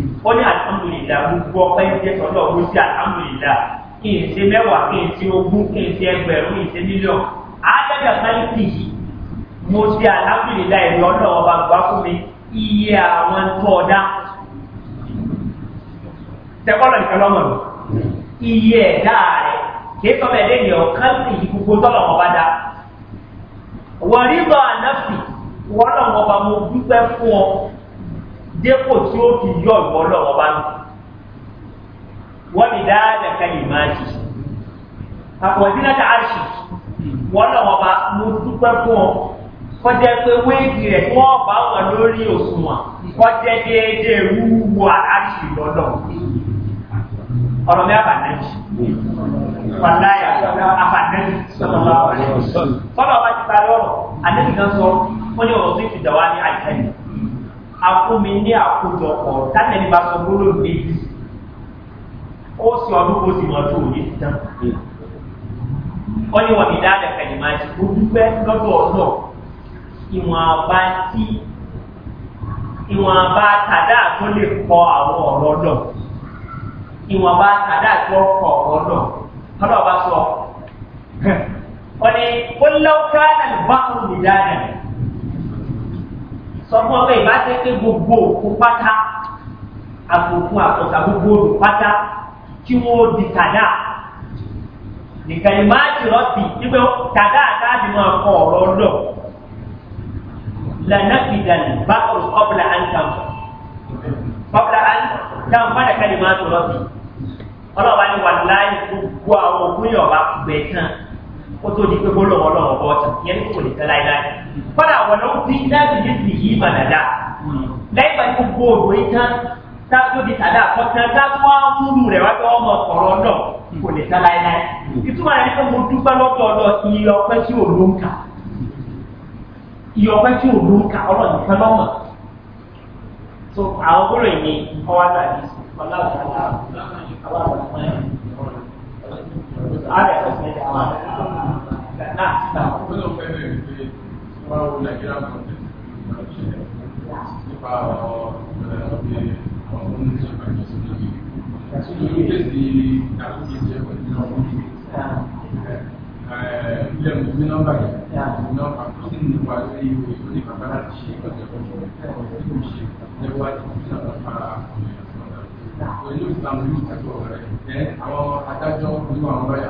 ó ní àtàmùlìlà gbogbo ọpẹ́ jẹ́ sọ́dọ̀ ọgbó sí àtàmùlìlà kí n ṣe mẹ́wàá kí n ṣe ogún kí n ṣe ẹgbẹ̀rún kí n ṣe mílíọ̀n ádájà sáyẹ́ǹtì yìí mo ṣe àtàmùlìlà ẹ̀rọ ọ̀nà ọba gbà fún mi iye àwọn tó ọ̀dá tẹ́kọ́lọ̀ nìkan lọ́mọ̀ lọ iye ẹ̀dá rẹ̀ kìí sọ bẹ́ẹ̀ lẹ́yìn ọ̀kan sí ìyí gbogbo tọ́lọ̀ ọba dá wọ́n rí bọ́ ànáfì wọ́n dépò tí ó fi yọ ìwọ lọ́wọ́ bá nù. Wọ́n ní dáadáa ká yìí máa jì. Àpọ̀jìnà tá a ṣì wọ́n lọ́wọ́ bá mo dúpẹ́ fún ọ. Kọjá pé wéèkì rẹ̀ kí wọ́n bá wọn lórí òṣùwọ̀n. Kọjá déédéé wúwo àṣì lọ́dọ̀. Ọ̀rọ̀ mi àbànájì. Wàláyà àbànájì sọ̀rọ̀ wà wà lẹ́yìn. Kọ́lọ̀ wa ti parí ọ̀rọ̀. Àdébìkan sọ, ó ní ọ̀rọ̀ sí ìfìdáwá ní àìsàn afúnmi ní àkójọpọ̀ tánẹ̀lì bá sọ gbólóhùn méjì ó sì ọdún kó sì mọ́tò òní tán wọ́n ní wọ́n ní dáadáa kàlí máa ti kó dúpẹ́ lọ́dọ̀ ọ̀dọ̀ ìwọ̀n àbá tí ìwọ̀n àbá tàdá tó lè kọ àwọn ọ̀rọ̀ náà ìwọ̀n àbá tàdá tó kọ ọ̀rọ̀ náà kọ́lọ́ bá sọ wọ́n ní ó lọ́ọ́ ká nàlùbáwò ní dáadáa sọ fún ọgbẹ́ ìbá ṣe pé gbogbo òkú pátá àtòkù àtọ̀sà gbogbo òkú pátá kí wọ́n di tàdá nìkan ìmọ̀ àti rọ́ọ̀tì nígbà tàdá àtàbí máa kọ ọ̀rọ̀ ọ̀dọ̀ lànàfìdàn bá ọ̀pọ̀lá àǹkà ọ̀pọ̀lá àǹkà padà kálí máa tó rọ́ọ̀tì ọlọ́ọ̀bá ni wà láì gbogbo àwọn òkú yọ̀ọ̀bá gbẹ̀ tán kó tó di pé gbólóhùn ọlọ́wọ́ bọ́ọ̀tì ìyẹn ní kò lè tẹ́ láíláí kọ́dà wọ̀nà ó ti láti ní sì yí mànàdá lẹ́yìn bá tó gbó òdò ìtàn táàbí ó di tàdá àkọ́tán táàbí wọ́n á múlù rẹ̀ wá pé wọ́n mọ ọ̀rọ̀ náà kò lè sá láéláé ìtumọ̀ rẹ̀ ní pé mo dúpẹ́ lọ́dọ̀ ọ̀dọ̀ iye ọpẹ́ tí ò ló ń kà iye ọpẹ́ tí ò ló ń kà ọ̀rọ̀ nìkan lọ́mọ̀ so àwọn gbọ́dọ̀ yìí ọwọ́ àtàlí ọlọ́run àlá fáwọn Nigerian content nípa ọ̀bẹ àwọn oníṣẹ́ ìpàdé sí ní ìlú tí ó lè di àkókò ìjẹ́ pẹ̀lú ọ̀hún ilé mi ní nọ́mbà yìí ní nọ́mbà tó sì ní wá sí ìwé tó ní bàbá láti ṣe ìpàdé ọ̀hún tó ń ṣe lẹ́wọ́ àti ìpínlẹ̀ ọ̀pá ọ̀hún ìlú ìsàmù yìí ìtàkùn rẹ̀ àwọn adájọ́ olúwa àwọn báyà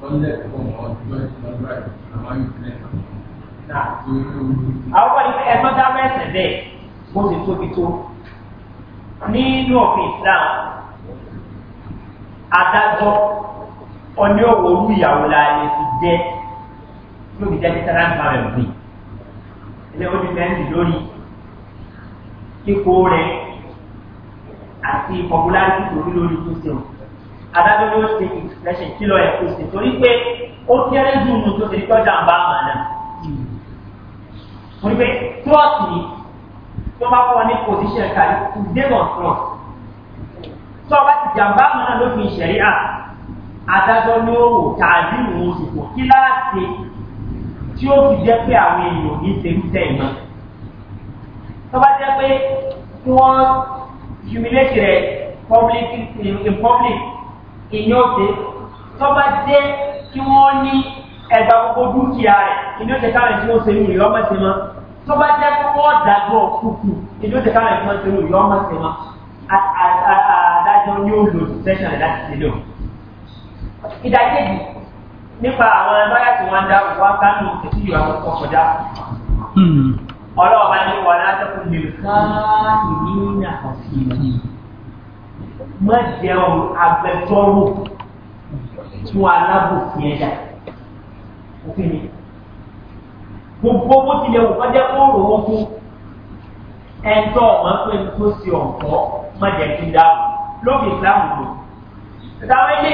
wọ́n lẹ́ẹ̀kọ́ mọ́ ọdún ọdún ọdún báyà àwọn ayọ̀ àwọn kan ní pé ẹ̀gbọ́n dábẹ́ ẹ̀sẹ̀ bẹ́ẹ̀ bó ti tóbi tó nínú òfin islam adájọ́ ọní ọ̀wọ̀ orú ìyàwó láàyè ti jẹ́ lóbi jẹ́ títà ń parẹ̀ òfin ilé ojú mẹ́rin lórí ipò rẹ̀ àti popularity torí lórí tó ṣe o adájọ́ ló ṣe expression kí lọ ẹ̀ kó ṣe torí pé ó kéré jù nù tó ṣe ní tọ́jà ń bá àmà náà torí pé trọ́ọ̀tì ni tó bá fọ́ ní pòsíṣẹ̀ kàrí to dey on trust tó o bá ti jàmbá mi náà lófin ìṣẹ̀rí à adájọ́ ni ó wò tàbí òun sì kò kí láti tí ó fi jẹ́ pé àwọn èèyàn ní ṣerúṣẹ́ ìmọ̀ tó bá jẹ́ pé kí wọ́n humiliate public in public ìyóòtẹ́ tó bá jẹ́ kí wọ́n ní ẹgbà gbogbo dúkìá rẹ̀ ìdí ó ṣe káàrẹ̀ tí wọ́n ṣe ní ìlú ọmọ ìsinmi tó bá jẹ́ kó dàgbọ́ kùkù ìdí ó ṣe káàrẹ̀ tí wọ́n ṣe ní ìlú ọmọ ìsinmi adájọ́ ni ó lò sẹ́ṣọ̀n láti ṣe lò. ìdákejì nípa àwọn ẹgbẹ́ tí wọ́n dá wọn kánú ètí ìwà ọkọ̀ kọjá. ọlọ́ọ̀bá ní wọn látọ̀kùn lè ká ìrìnà ọ̀sìn mọ̀ jẹun agbẹjọ́rò tún alábòsí ẹ̀dá òfin ni gbogbo owó tilẹ̀ wò kọjá kóòrò owó fún ẹ̀ńtọ́ ọ̀mọ́ pé ní tó ṣe ọ̀pọ̀ má jẹ́ kí n dá lókè ìsìlámù lò ìdáwọ́ ilé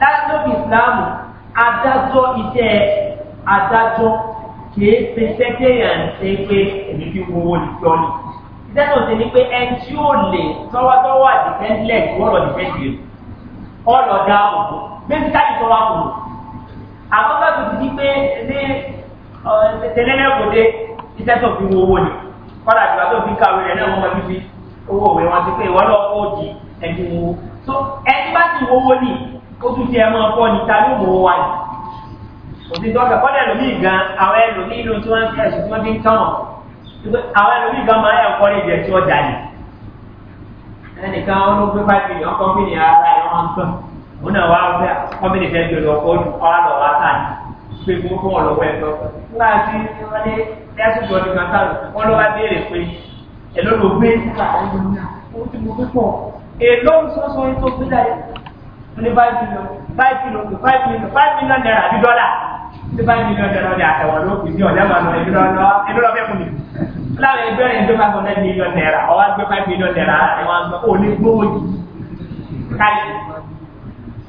láti lókè ìsìlámù adájọ́ iṣẹ́ adájọ́ kìí ṣe sẹ́kẹ̀yàn ṣe pé èmi fi wo owó nìkí ọ́nì iṣẹ́ tó ṣe ni pé ẹni tí ó lè tọ́wọ́tọ́wọ́ àdìsẹ́ńtìlẹ̀ ìwọ́rọ̀ dìfẹ́ǹtì ọ̀lọ́dà òkú bẹ́ẹ̀ ti ká ìtọ́wọ́ àkùnrin àkọ́kọ́ tó ti di pé ní tẹ̀lẹ́lẹ́ kò dé iṣẹ́ tó fi wo owó ni kọ́dà ìgbà tó fi kàwé rẹ̀ náà wọ́n máa fi owó òwe wọn ti pé ìwọ́n náà kó di ẹni wo so ẹni bá ti wo owó ni ó tún ti ẹ máa kọ́ ni ta ló mọ̀ wá ni òtítọ́ ọ̀kẹ́ ẹlòmíì gan àwọn ẹlòmíì ló tí wọ́n fi wọ́n fi ń tọ̀nà àwọn ẹlòmíì gan máa ń kọ́ níbi ẹ̀sùn ọjà ni ẹnìkan ó ló gbé òun náà wá fẹ́ ọmọ ìfẹ́ jọlọ ọdún ọlọ́ wa tà ní pé mo fún ọlọ́wọ́ ẹ̀tọ́ nígbà tí wọ́n dé dẹ́sùn tó ọdún kan sáré wọ́n ló wá béèrè pé èló ló gbé nígbà ọdún náà ó ti mú púpọ̀ èló sọ́sọ́ tó gbé láyé ní five million five million to five million five million naira àbí dọ́là ní five million naira ní àtẹ̀wọ̀n ló kù sí ọ̀dà máa lọ èló lọ èló lọ bẹ́ẹ̀ fún mi láàrin ẹgbẹ́ rẹ̀ ń gbé five hundred million naira ọwọ́ gbé five million naira àwọn àgbẹ̀ kò ní gbówó yìí káyọ̀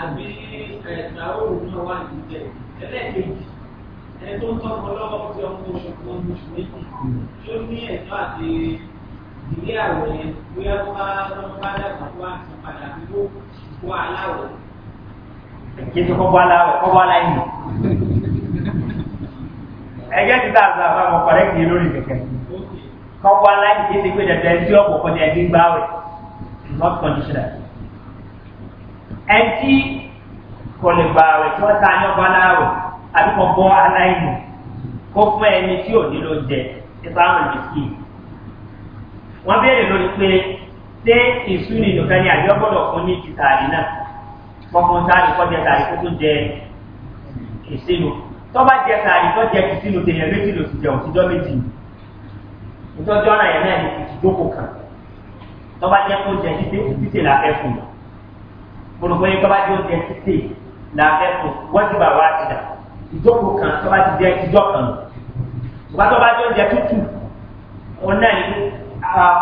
àbí ìgbàlódé náà wà níbẹ̀ ẹlẹ́ẹ̀kejì ẹni tó ń tọ́ ọmọ lọ́wọ́ tí ọmọ oṣù kan oṣù méjì tó ní ẹ̀tọ́ àti ìdílé àwẹ̀ bóyá tó bá lọ́wọ́ bá dàgbà tó wà ní padà bí ó kó aláwọ̀. kí ni kọ́kọ́ aláwọ̀ kọ́kọ́ aláìní. ẹgbẹ́ ti ta àgbà fún àwọn ọ̀pọ̀lẹ́ kì í lórí kẹ̀kẹ́. kọ́kọ́ aláìní kí ni pé dẹ̀dẹ̀ sí ọ̀pọ̀ kọjá ẹgbẹ́ gbáwẹ̀ not conditional. ẹtí kò lè gbà rẹ̀ tí wọ́n ta ní ọba láàrọ̀ àbí kò bọ́ aláìní kó fún ẹni tí ò ní ló jẹ nípa àwọn ìdìkì. wọ́n béèrè lórí pé ṣé ìsúnì nìkan ni àbí ọgbọ́dọ̀ fún ní ti tààrí náà fọkùn tààrí kọ́ jẹ tààrí kó tó jẹ ìsínú tọ́ba jẹ tààrí kọ́ jẹ ìsínú tèèyàn méjì lòsì jẹ òtijọ́ méjì ìtọ́jú ọ̀nà yẹn náà ní olùkọ́ yẹn tọ́ba jẹ́ oúnjẹ títè làbẹ́ kò wọ́n ti bà wá ti dà ìjókòó kan tọ́ba ti jẹ́ ìjọ kan ṣùgbọ́n tọ́ba jẹ́ oúnjẹ tútù wọn náà ní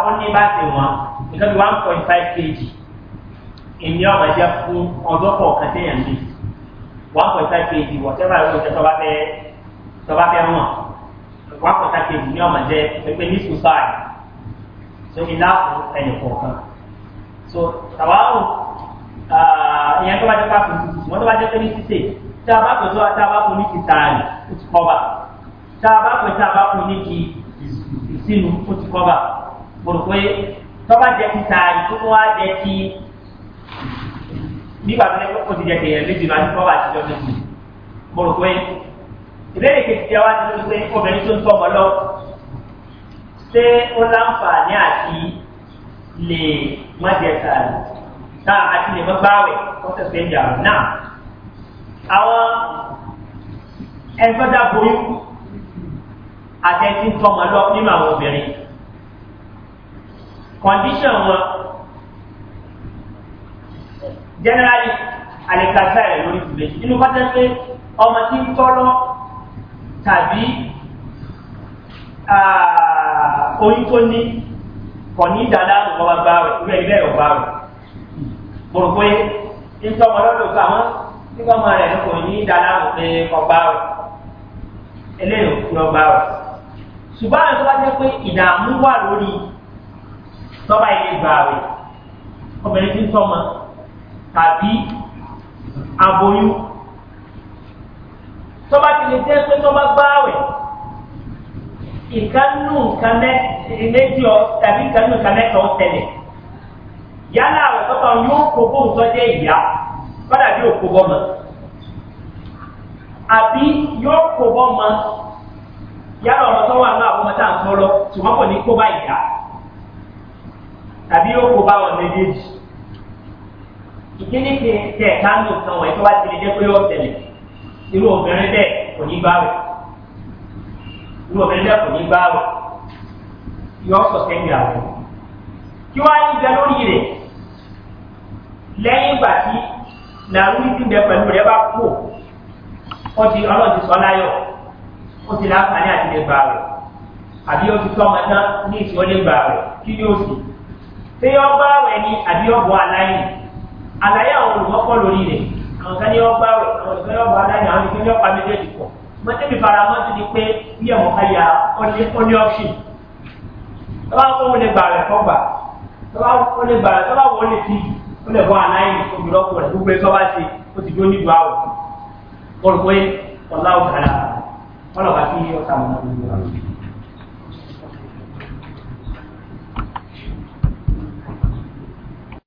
wọn ní bá ti wọn nǹkan bí one point five kg èmi ọmọ jẹ fún ọdún kọ̀ọ̀kan téèyàn mi one point five kg whatever ìwé oúnjẹ tọ́ba fẹ́ tọ́ba fẹ́ wọ̀n one point five kg ní ọmọ jẹ pẹ̀lú ní sùn sáà so ìlà fún ẹnì kọ̀ọ̀kan so tàwa ìyẹn tó bá jẹ́ pápá tuntun ṣùgbọ́n tó bá jẹ́ pé ní títè tá a bá pè tó tá a bá fún ní ti tààrí ó ti kọ́ bà tá a bá pè tá a bá fún ní ti ìsinu ó ti kọ́ bà mo rò pé tó bá jẹ́ ti tààrí tó wá jẹ́ ti nígbà tó ní kó ti jẹ kẹyẹ méjì máa ti kọ́ bà ti méjì mo pé ìbéèrè kejì tí a wá ti lórí pé obìnrin tó ń tọ́ ọmọ lọ ṣé ó láǹfààní àti lè má jẹ tààrí tá a ti lè mọ́ gbáwẹ̀ kọ́sẹ̀ pé ń jàrá náà àwọn ẹ̀fọ́dá boyún àtẹ̀sí tọmọ lọ nínú àwọn obìnrin kọ̀ǹdíṣàn wọn generally àlẹ́kàtà rẹ̀ lórí ìfúlẹ̀ nínú kọ́tẹ́ pé ọmọ tí ń tọ́lọ́ tàbí oyún tó ní kọ̀ ní ìdàlá ọ̀gbọ́n bá gbáwẹ̀ ìwé mọ̀rọ̀ pé ìtọ́ ọmọ lọ́dọ̀ ká mọ́ nígbà ọmọ rẹ̀ kò ní dáná mọ̀ pé ọgbà rẹ̀ eléyìí ò fi ọgbà rẹ̀ ṣùgbọ́n àwọn ìtọ́wá jẹ́ pé ìdààmú wà lórí tọ́ba ilé gbà rẹ̀ obìnrin tí ń tọ́mọ tàbí aboyún tọ́ba ti lè jẹ́ pé tọ́ba gbà rẹ̀ ìkànnù kàmẹ́ méjì ọ tàbí ìkànnù kàmẹ́ kan tẹ̀lẹ̀ yálà àwẹ̀ yóò kó bóun ìyá kọ́dà bí òkú bọ́mọ àbí yóò kó bọ́mọ yálà ọmọ wà náà ọmọ tá à ń tọrọ kò ní kó bá ìyá tàbí yóò kó bá wọn méjèèjì ìkíní kí tẹ̀ kánú kan wọ̀nyí tó wá ti lè jẹ́ pé yóò tẹ̀lé irú obìnrin bẹ́ẹ̀ kò ní bá wẹ̀ irú obìnrin bẹ́ẹ̀ kò ní bá wẹ̀ yóò sọ kí wọ́n á yí lórí rẹ̀ lẹ́yìn ìgbà tí làwùrí ti bẹ pẹ̀lú rẹ bá kú ó ti ọlọ́run ti sọ láyọ̀ ó ti láǹfààní àti lè gbà rẹ̀ àbí ó ti tọ́ ọmọ tán ní ìtì ó lè gbà rẹ̀ kí ni ó sì ṣé yọ bá rẹ̀ ni àbí ọ̀bọ̀ aláìní àlàyé àwọn olùmọ́pọ̀ lórí rẹ̀ àwọn kan ní yọ bá rẹ̀ àwọn ìfẹ́ ọ̀bọ̀ aláìní àwọn ìfẹ́ ọ̀pá méjèèjì pọ̀ mọ́tẹ́bí faramọ́ ti di pé bí ẹ̀wọ̀n ká ya ọ́ní ọ́ṣìn tọ́wọ́ ó lè gbà rẹ̀ fọ́gbà tọ́wọ́ ó lè gbà rẹ̀ tọ́wọ́ ó lè fi yìí ó lè bọ́ aláìní omi rọ́pò rẹ̀ gbogbo ẹ̀tọ́ bá ṣe ó ti dún nídùú àwọ̀ mo rò pé ọ̀la ọ̀kàrà ọlọ́ba kí ọ̀sà mọ́